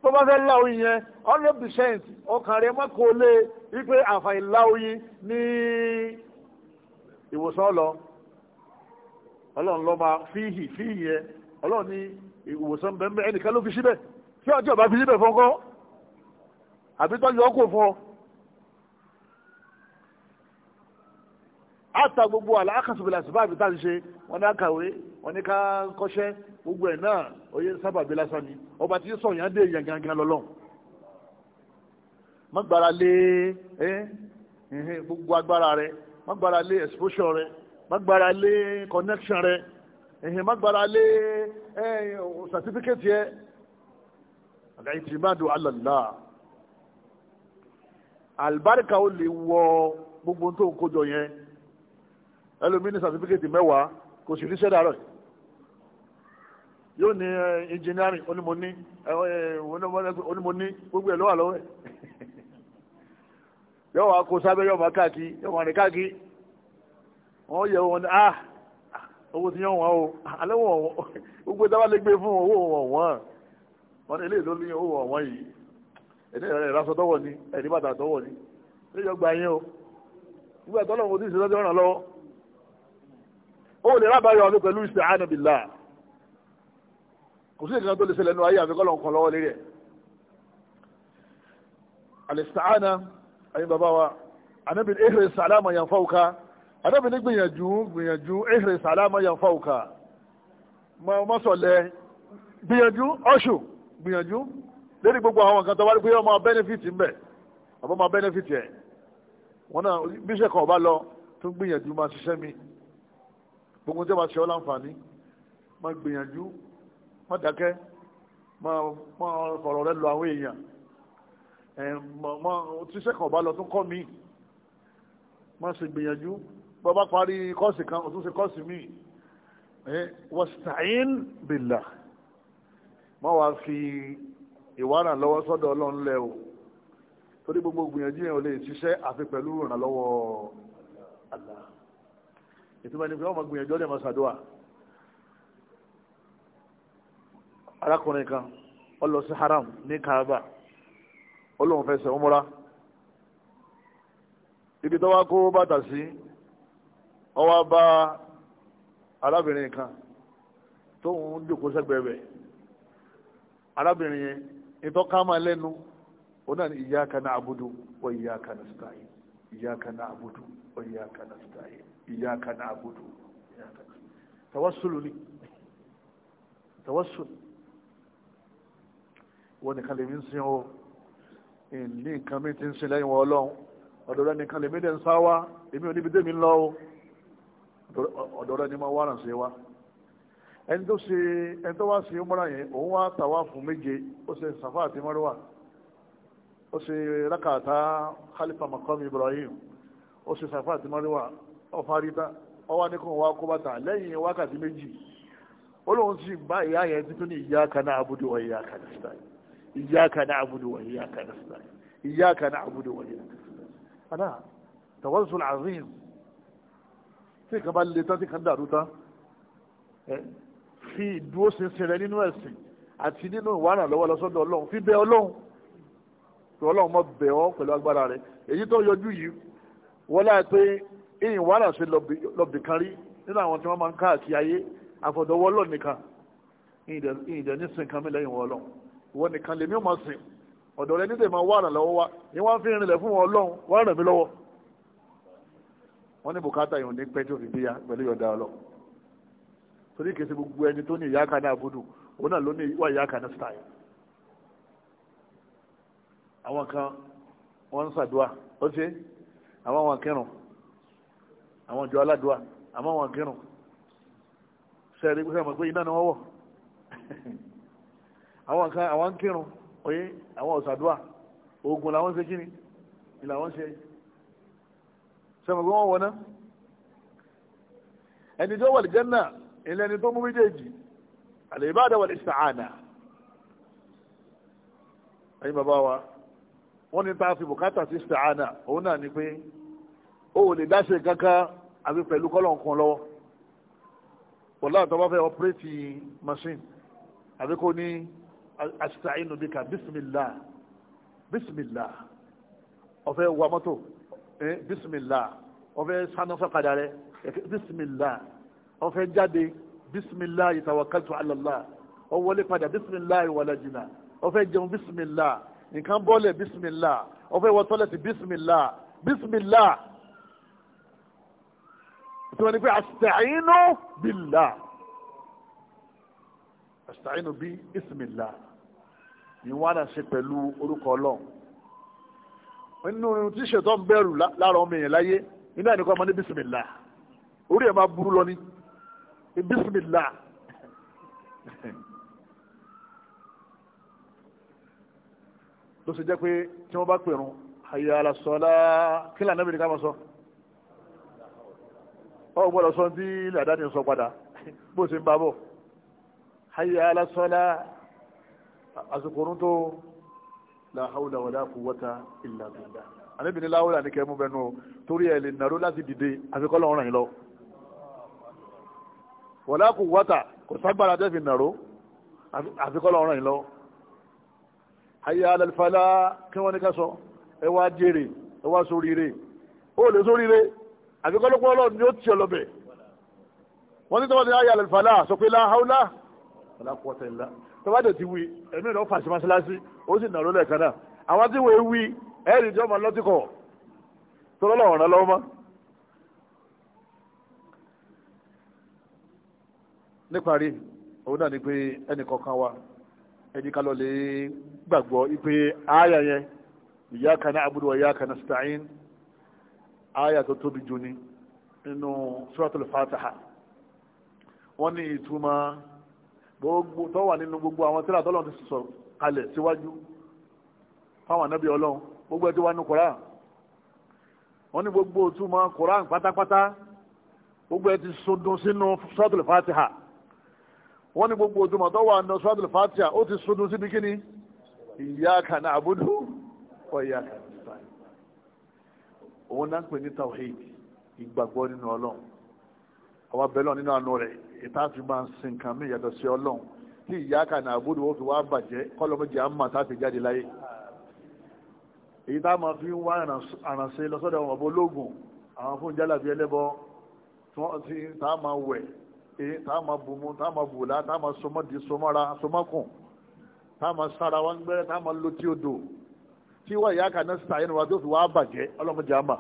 tó bá fẹ́ láwo yín yẹn hundred percent ọkàn rẹ̀ mọ́kò lé wípé àǹfààní láwo yín ní ìwòsàn ọlọ ọlọ́run lọ́ máa fíhì fíhì yẹn ọlọ́run ni ìwòsàn bẹ́ẹ̀ ẹnìkan ló fi síbẹ̀ tí ọjọ́ bá fi síbẹ̀ fọ́nkọ́ àbí tọ́jú ọkọ̀ fún ọ. àtà gbogbo àlàákàtúbìlà síbáàbí tá a ti ṣe wọn ní àkàwé wọ́n ní ká kọ́ṣẹ́ gbogbo ẹ̀ náà oyè sábàbí lásán ni ọba tí sọ̀yìn á dé èèyàn gangan lọ́lọ́ má gbára lé gbogbo agbára rẹ má gbára lé exposure rẹ má gbára lé connection rẹ má gbára lé certificate yẹ àgbàyìntìmádù alàlá àlùbáríkà ó lè wọ gbogbo tó ń kójọ yẹn ẹlòmíní certificate mẹ́wàá kò sì ríṣẹ́ dàrọ̀ yóò ní eh, engineering onímọ̀ní onímọ̀ní eh, eh, gbogbo ẹ̀ lọ́wọ́ lọ́wọ́ ẹ̀ yóò wá kó sábẹ́ yóò máa káàkiri yóò máa rìn káàkiri wọ́n yẹ wọn ní ah owó ti yàn wọ́n o alẹ́ wọ̀n wọ́n gbogbo dábàá lè gbé fún owó wọ̀n wọ́n wọn eléyìí ló ní owó wọ̀n wọ́n yìí ẹni ẹ̀rọ ìrasọ tọwọ́ ni ẹni bàtà tọwọ́ ni eléyìí ọgbà yín o nígbà tó lọ́wọ́ mo ti ṣe lọ́jọ́ ràn lọ́wọ́ kò sí ìdíkan tó lè ṣẹlẹ̀ nù ayé àfikọ́ lọ́nkàn lọ́wọ́ lérí ẹ̀ alìsàánà ayé bàbá wa anábì ihris salama yan fáwùká anábì ní gbìyànjú gbìyànjú ihris salama yan fáwùká mọ́sọ̀lẹ̀ gbìyànjú ọ̀ṣù gbìyànjú lérí gbogbo àwọn nǹkan tó wá rí pé ọmọ benefit ń bẹ àbọ̀ ọmọ benefit ẹ̀ wọn náà bíṣẹ̀ kan ọba lọ tún gbìyànjú máa ṣiṣẹ́ mi gbogbo tí wọ́n máa ṣe ọ́ má dákẹ́ má sọ̀rọ̀ rẹ lọ àwọn èèyàn tíṣẹ́ kan bá lọ tún kọ́ mi má ṣe gbìyànjú bọ́ bá parí kọ́ọ̀sì kan ó tún ṣe kọ́ọ̀sì mi wọ́sítàín bìlà má wàá fi ìwà ràn lọ́wọ́ sọ́dọ̀ ọlọ́run lẹ́ o torí gbogbo gbìyànjú yẹn ò lè ṣiṣẹ́ àfi pẹ̀lú ìrànlọ́wọ́ Allah ètò ìbánisọ̀rọ̀ ọmọ gbìyànjú ọdẹ máa ṣàdúrà Arakunrin kan ọ lọ sí haram ní kaaba ó lóun fẹ́ ṣe ibi tó wá kó bàtà sí ó wá bá arábìnrin kan tóun jòkó sẹ́gbẹ̀ẹ́ rẹ̀ arábìnrin yẹn ìtọ́kámà lẹ́nu òun náà ni iyyaka na'budu na iyyaka nasta'in iyyaka na'budu wa iyyaka nasta'in iyyaka na'budu tawassulu ni wọ́n nìkan lèmi ń sin o ní nǹkan mi ti ń sin lẹ́yìn wọn ọlọ́run ọ̀dọ̀ rẹ nìkan lèmi dẹ̀ ń sá wá èmi ò níbi dé mi ń lọ o ọ̀dọ̀ rẹ ni mo wá sí wa ẹni tó ṣe ẹni tó wá sí ọmọra yẹn òun wá tàwa fún méje ó ṣe sàfà àti mọ́rọ́wà ó ṣe rákàtà khalifa makom ibrahim ó ṣe sàfà àti mọ́rọ́wà ọ̀fáríta ọwá ní kò wá kó bàtà lẹ́yìn wákàtí méjì olóhùn sì bá ìyá yẹn títún ní ìyá kaná abudu ọ̀ ìyá sítáì iyyaka na'budu wa iyyaka nasta'in iyyaka na'budu wa iyyaka nasta'in ana tawassul azim tí kan bá le tán tí kan dàrú tán fi ìdúró ṣinṣin rẹ nínú ẹ̀sìn àti nínú ìwárà lọ́wọ́ lọ́sọ́dọ̀ ọlọ́run fi bẹ ọlọ́run pé ọlọ́run mọ bẹ̀ ọ́ pẹ̀lú agbára rẹ èyí tó yọjú yìí wọlé pé ìyìn ìwárà ṣe lọ́bì kan nínú àwọn tí wọ́n máa ń káàkiri ayé àfọ̀dọ̀wọ́ nìkan ìyìn ìdẹ̀ ní sin kan mi lẹ́yìn wọ́ ìwọ nìkan lèmi ò máa sìn ọ̀dọ̀ rẹ nídìí máa wá àrànlọ́wọ́ wa ni wọ́n fi rinlẹ̀ fún wọn ọlọ́run wọ́n ràn mí lọ́wọ́ wọ́n ní bùkátà yòó ní pẹ́jọ́ fi bíyà pẹ̀lú yọ̀dá ọlọ́ torí kìí ṣe gbogbo ẹni tó ní ìyáka náà abudu òun náà ló ní ìwà ìyáka náà style àwọn kan wọ́n ń ṣàdúà ó ṣe àwọn àwọn akẹ́rùn àwọn ìjọ aládùà àmọ́ àwọn akẹ́rùn sẹ́ẹ̀rí pé sẹ́ẹ̀ mọ̀ pé iná ni wọ́n wọ̀ (laughs) àwọn kan àwọn ń kírun oyé àwọn ọ̀sàdúà oògùn làwọn ṣe kíni ni làwọn ṣe sẹ́mọ̀gbọ́n wọn wọná ẹni tó wà lè jẹ́nà ilẹ̀ ẹni tó mú méjèèjì àlèbáàdà wà lè sàánà ẹ̀yin bàbá wa wọ́n ní tá a fi bùkátà sí sàánà òun náà ni pé ó lè dáṣe kankan àbí pẹ̀lú kọ́lọ̀ǹkan lọ́wọ́ pọ̀lá àtọ́wọ́fẹ́ ọpẹ́rẹ́tì machine àbí kò ní astainu bika bismillah bismillah ọ̀fẹ́ wa mọ́tò eh, bismillah ọ̀fẹ́ sanusọ́kadà rẹ bismillah ọ̀fẹ́ jáde bismillah tawakkaltu ala Allah ọwọ́lé padà bismillah wala jìnnà ọ̀fẹ́ jẹun bismillah nǹkan bọ́ọ̀lẹ̀ bismillah ọ̀fẹ́ wọ tọ́lẹ̀tì bismillah bismillah tí wọ́n ní pé astainu billah astainu bi ismillah ìwọ́n náà ṣe pẹ̀lú orúkọ ọlọ́run nínú tí ṣètò ń bẹ̀rù lára ọmọ èèyàn láyé iná ẹnìkan ọmọ ní bísímìlá orí ẹ̀ máa burú lọ ní bísímìlá (laughs) ló ṣe jẹ́ pé tí wọ́n bá pèrún hayya ala sọ́lá kí lànà ìbìnrin ká máa sọ ọ gbọ́dọ̀ sọ ní àdáni sọ padà (laughs) bó ṣe ń bá bọ̀ hayya ala àsìkò orun tó làhàwùlà wàlá quwwata illa billah àníbi ní láwùlà ní kẹmú bẹnu torí ẹ lè nàró láti dìde àfikọ́ lọ́wọ́ ràn yín lọ wàlá quwwata kò ságbára tẹ́fì nàró àfikọ́ lọ́wọ́ ràn yín lọ hayya ala al-fala kí wọ́n ní ká sọ ẹ wá jèrè ẹ wá sóríire ó lè sóríire àfikọ́ lọ́pọ̀ ni ó ti ọlọ́bẹ̀ wọ́n ní tọ́wọ́ ti hayya ala al-fala sọ pé illa tọ́wádìí ti wí ẹ̀mí rẹ̀ fà masalasi ó sì nàró lẹ́ẹ̀kan náà àwọn tí wọ́n wí ẹ̀rì jọ́ ma lọ́tìkọ̀ tọ́lọ́ níparí òun náà ni pé wa ẹni ká lọ lè gbàgbọ́ ipe gbogbo tó wà nínú gbogbo àwọn tíra tọ́lọ́ ti sọ kalẹ̀ síwájú fáwọn anábì ọlọ́run gbogbo ẹjọ́ wa ní koran wọ́n ní gbogbo òtúmọ̀ koran pátápátá gbogbo ẹ ti sundun sínú sọ́tùlù fatiha wọ́n ní gbogbo òtúmọ̀ tó wà nínú sọ́tùlù fatiha ó ti sundun síbi kíni iyyaka na'budu wa iyyaka nasta'in òun náà ń pè ní tawhid ìgbàgbọ́ nínú ọlọ́run àwọn abẹ́lọ́ nínú àánú rẹ̀ ìtàfi máa ń sin nǹkan mí yàtọ̀ sí ọlọ́run tí ìyá kàná àbúrò ó fi wá bàjẹ́ kọ́lọ́mọ́jì àmà táfi jáde láyé èyí tá a máa fi ń wá àrànṣe lọ́sọ́dọ̀ àwọn ọ̀bọ ológun àwọn fún jálàbí ẹlẹ́bọ tí tá a máa wẹ̀ èyí tá a máa bùnmu tá a máa bùlá tá a máa sọmọ́dì sọmọ́ra sọmọ́kùn tá a máa sára wá ń gbẹ́rẹ́ tá a máa lo tí odò tí wọ́n ìyá kan náà síta yẹn wá tó fi wá bàjẹ́ ọlọ́mọdé àmà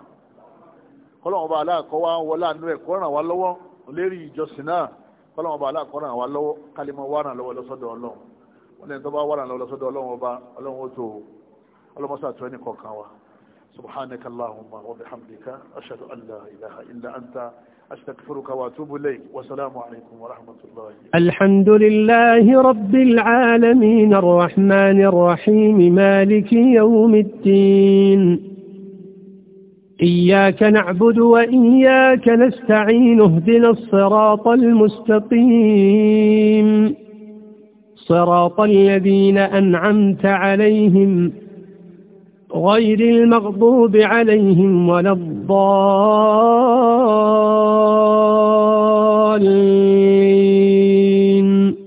kọ́lọ́mọba aláàkọ́ wa wọlé àánú ẹ̀ kó ràn wá lọ́wọ́ lérí ìjọsìn náà kọ́lọ́wọ́n ọba aláàkọ́nà àwa lọ́wọ́ kálímọ̀ wàrà lọ́wọ́ lọ́sọ́dọ̀ ọlọ́run wọ́n lẹ́yìn tó bá wàrà lọ́wọ́ lọ́sọ́dọ̀ ọlọ́run ọba ọlọ́run ó tó ọlọ́mọsá tó ẹnì kọ̀ọ̀kan wa subhanaka allahumma wa bihamdika ashhadu an la ilaha illa anta استغفرك واتوب اليك والسلام عليكم ورحمه الله الحمد لله رب العالمين الرحمن الرحيم مالك يوم الدين إياك نعبد وإياك نستعين اهدنا الصراط المستقيم صراط الذين أنعمت عليهم غير المغضوب عليهم ولا الضالين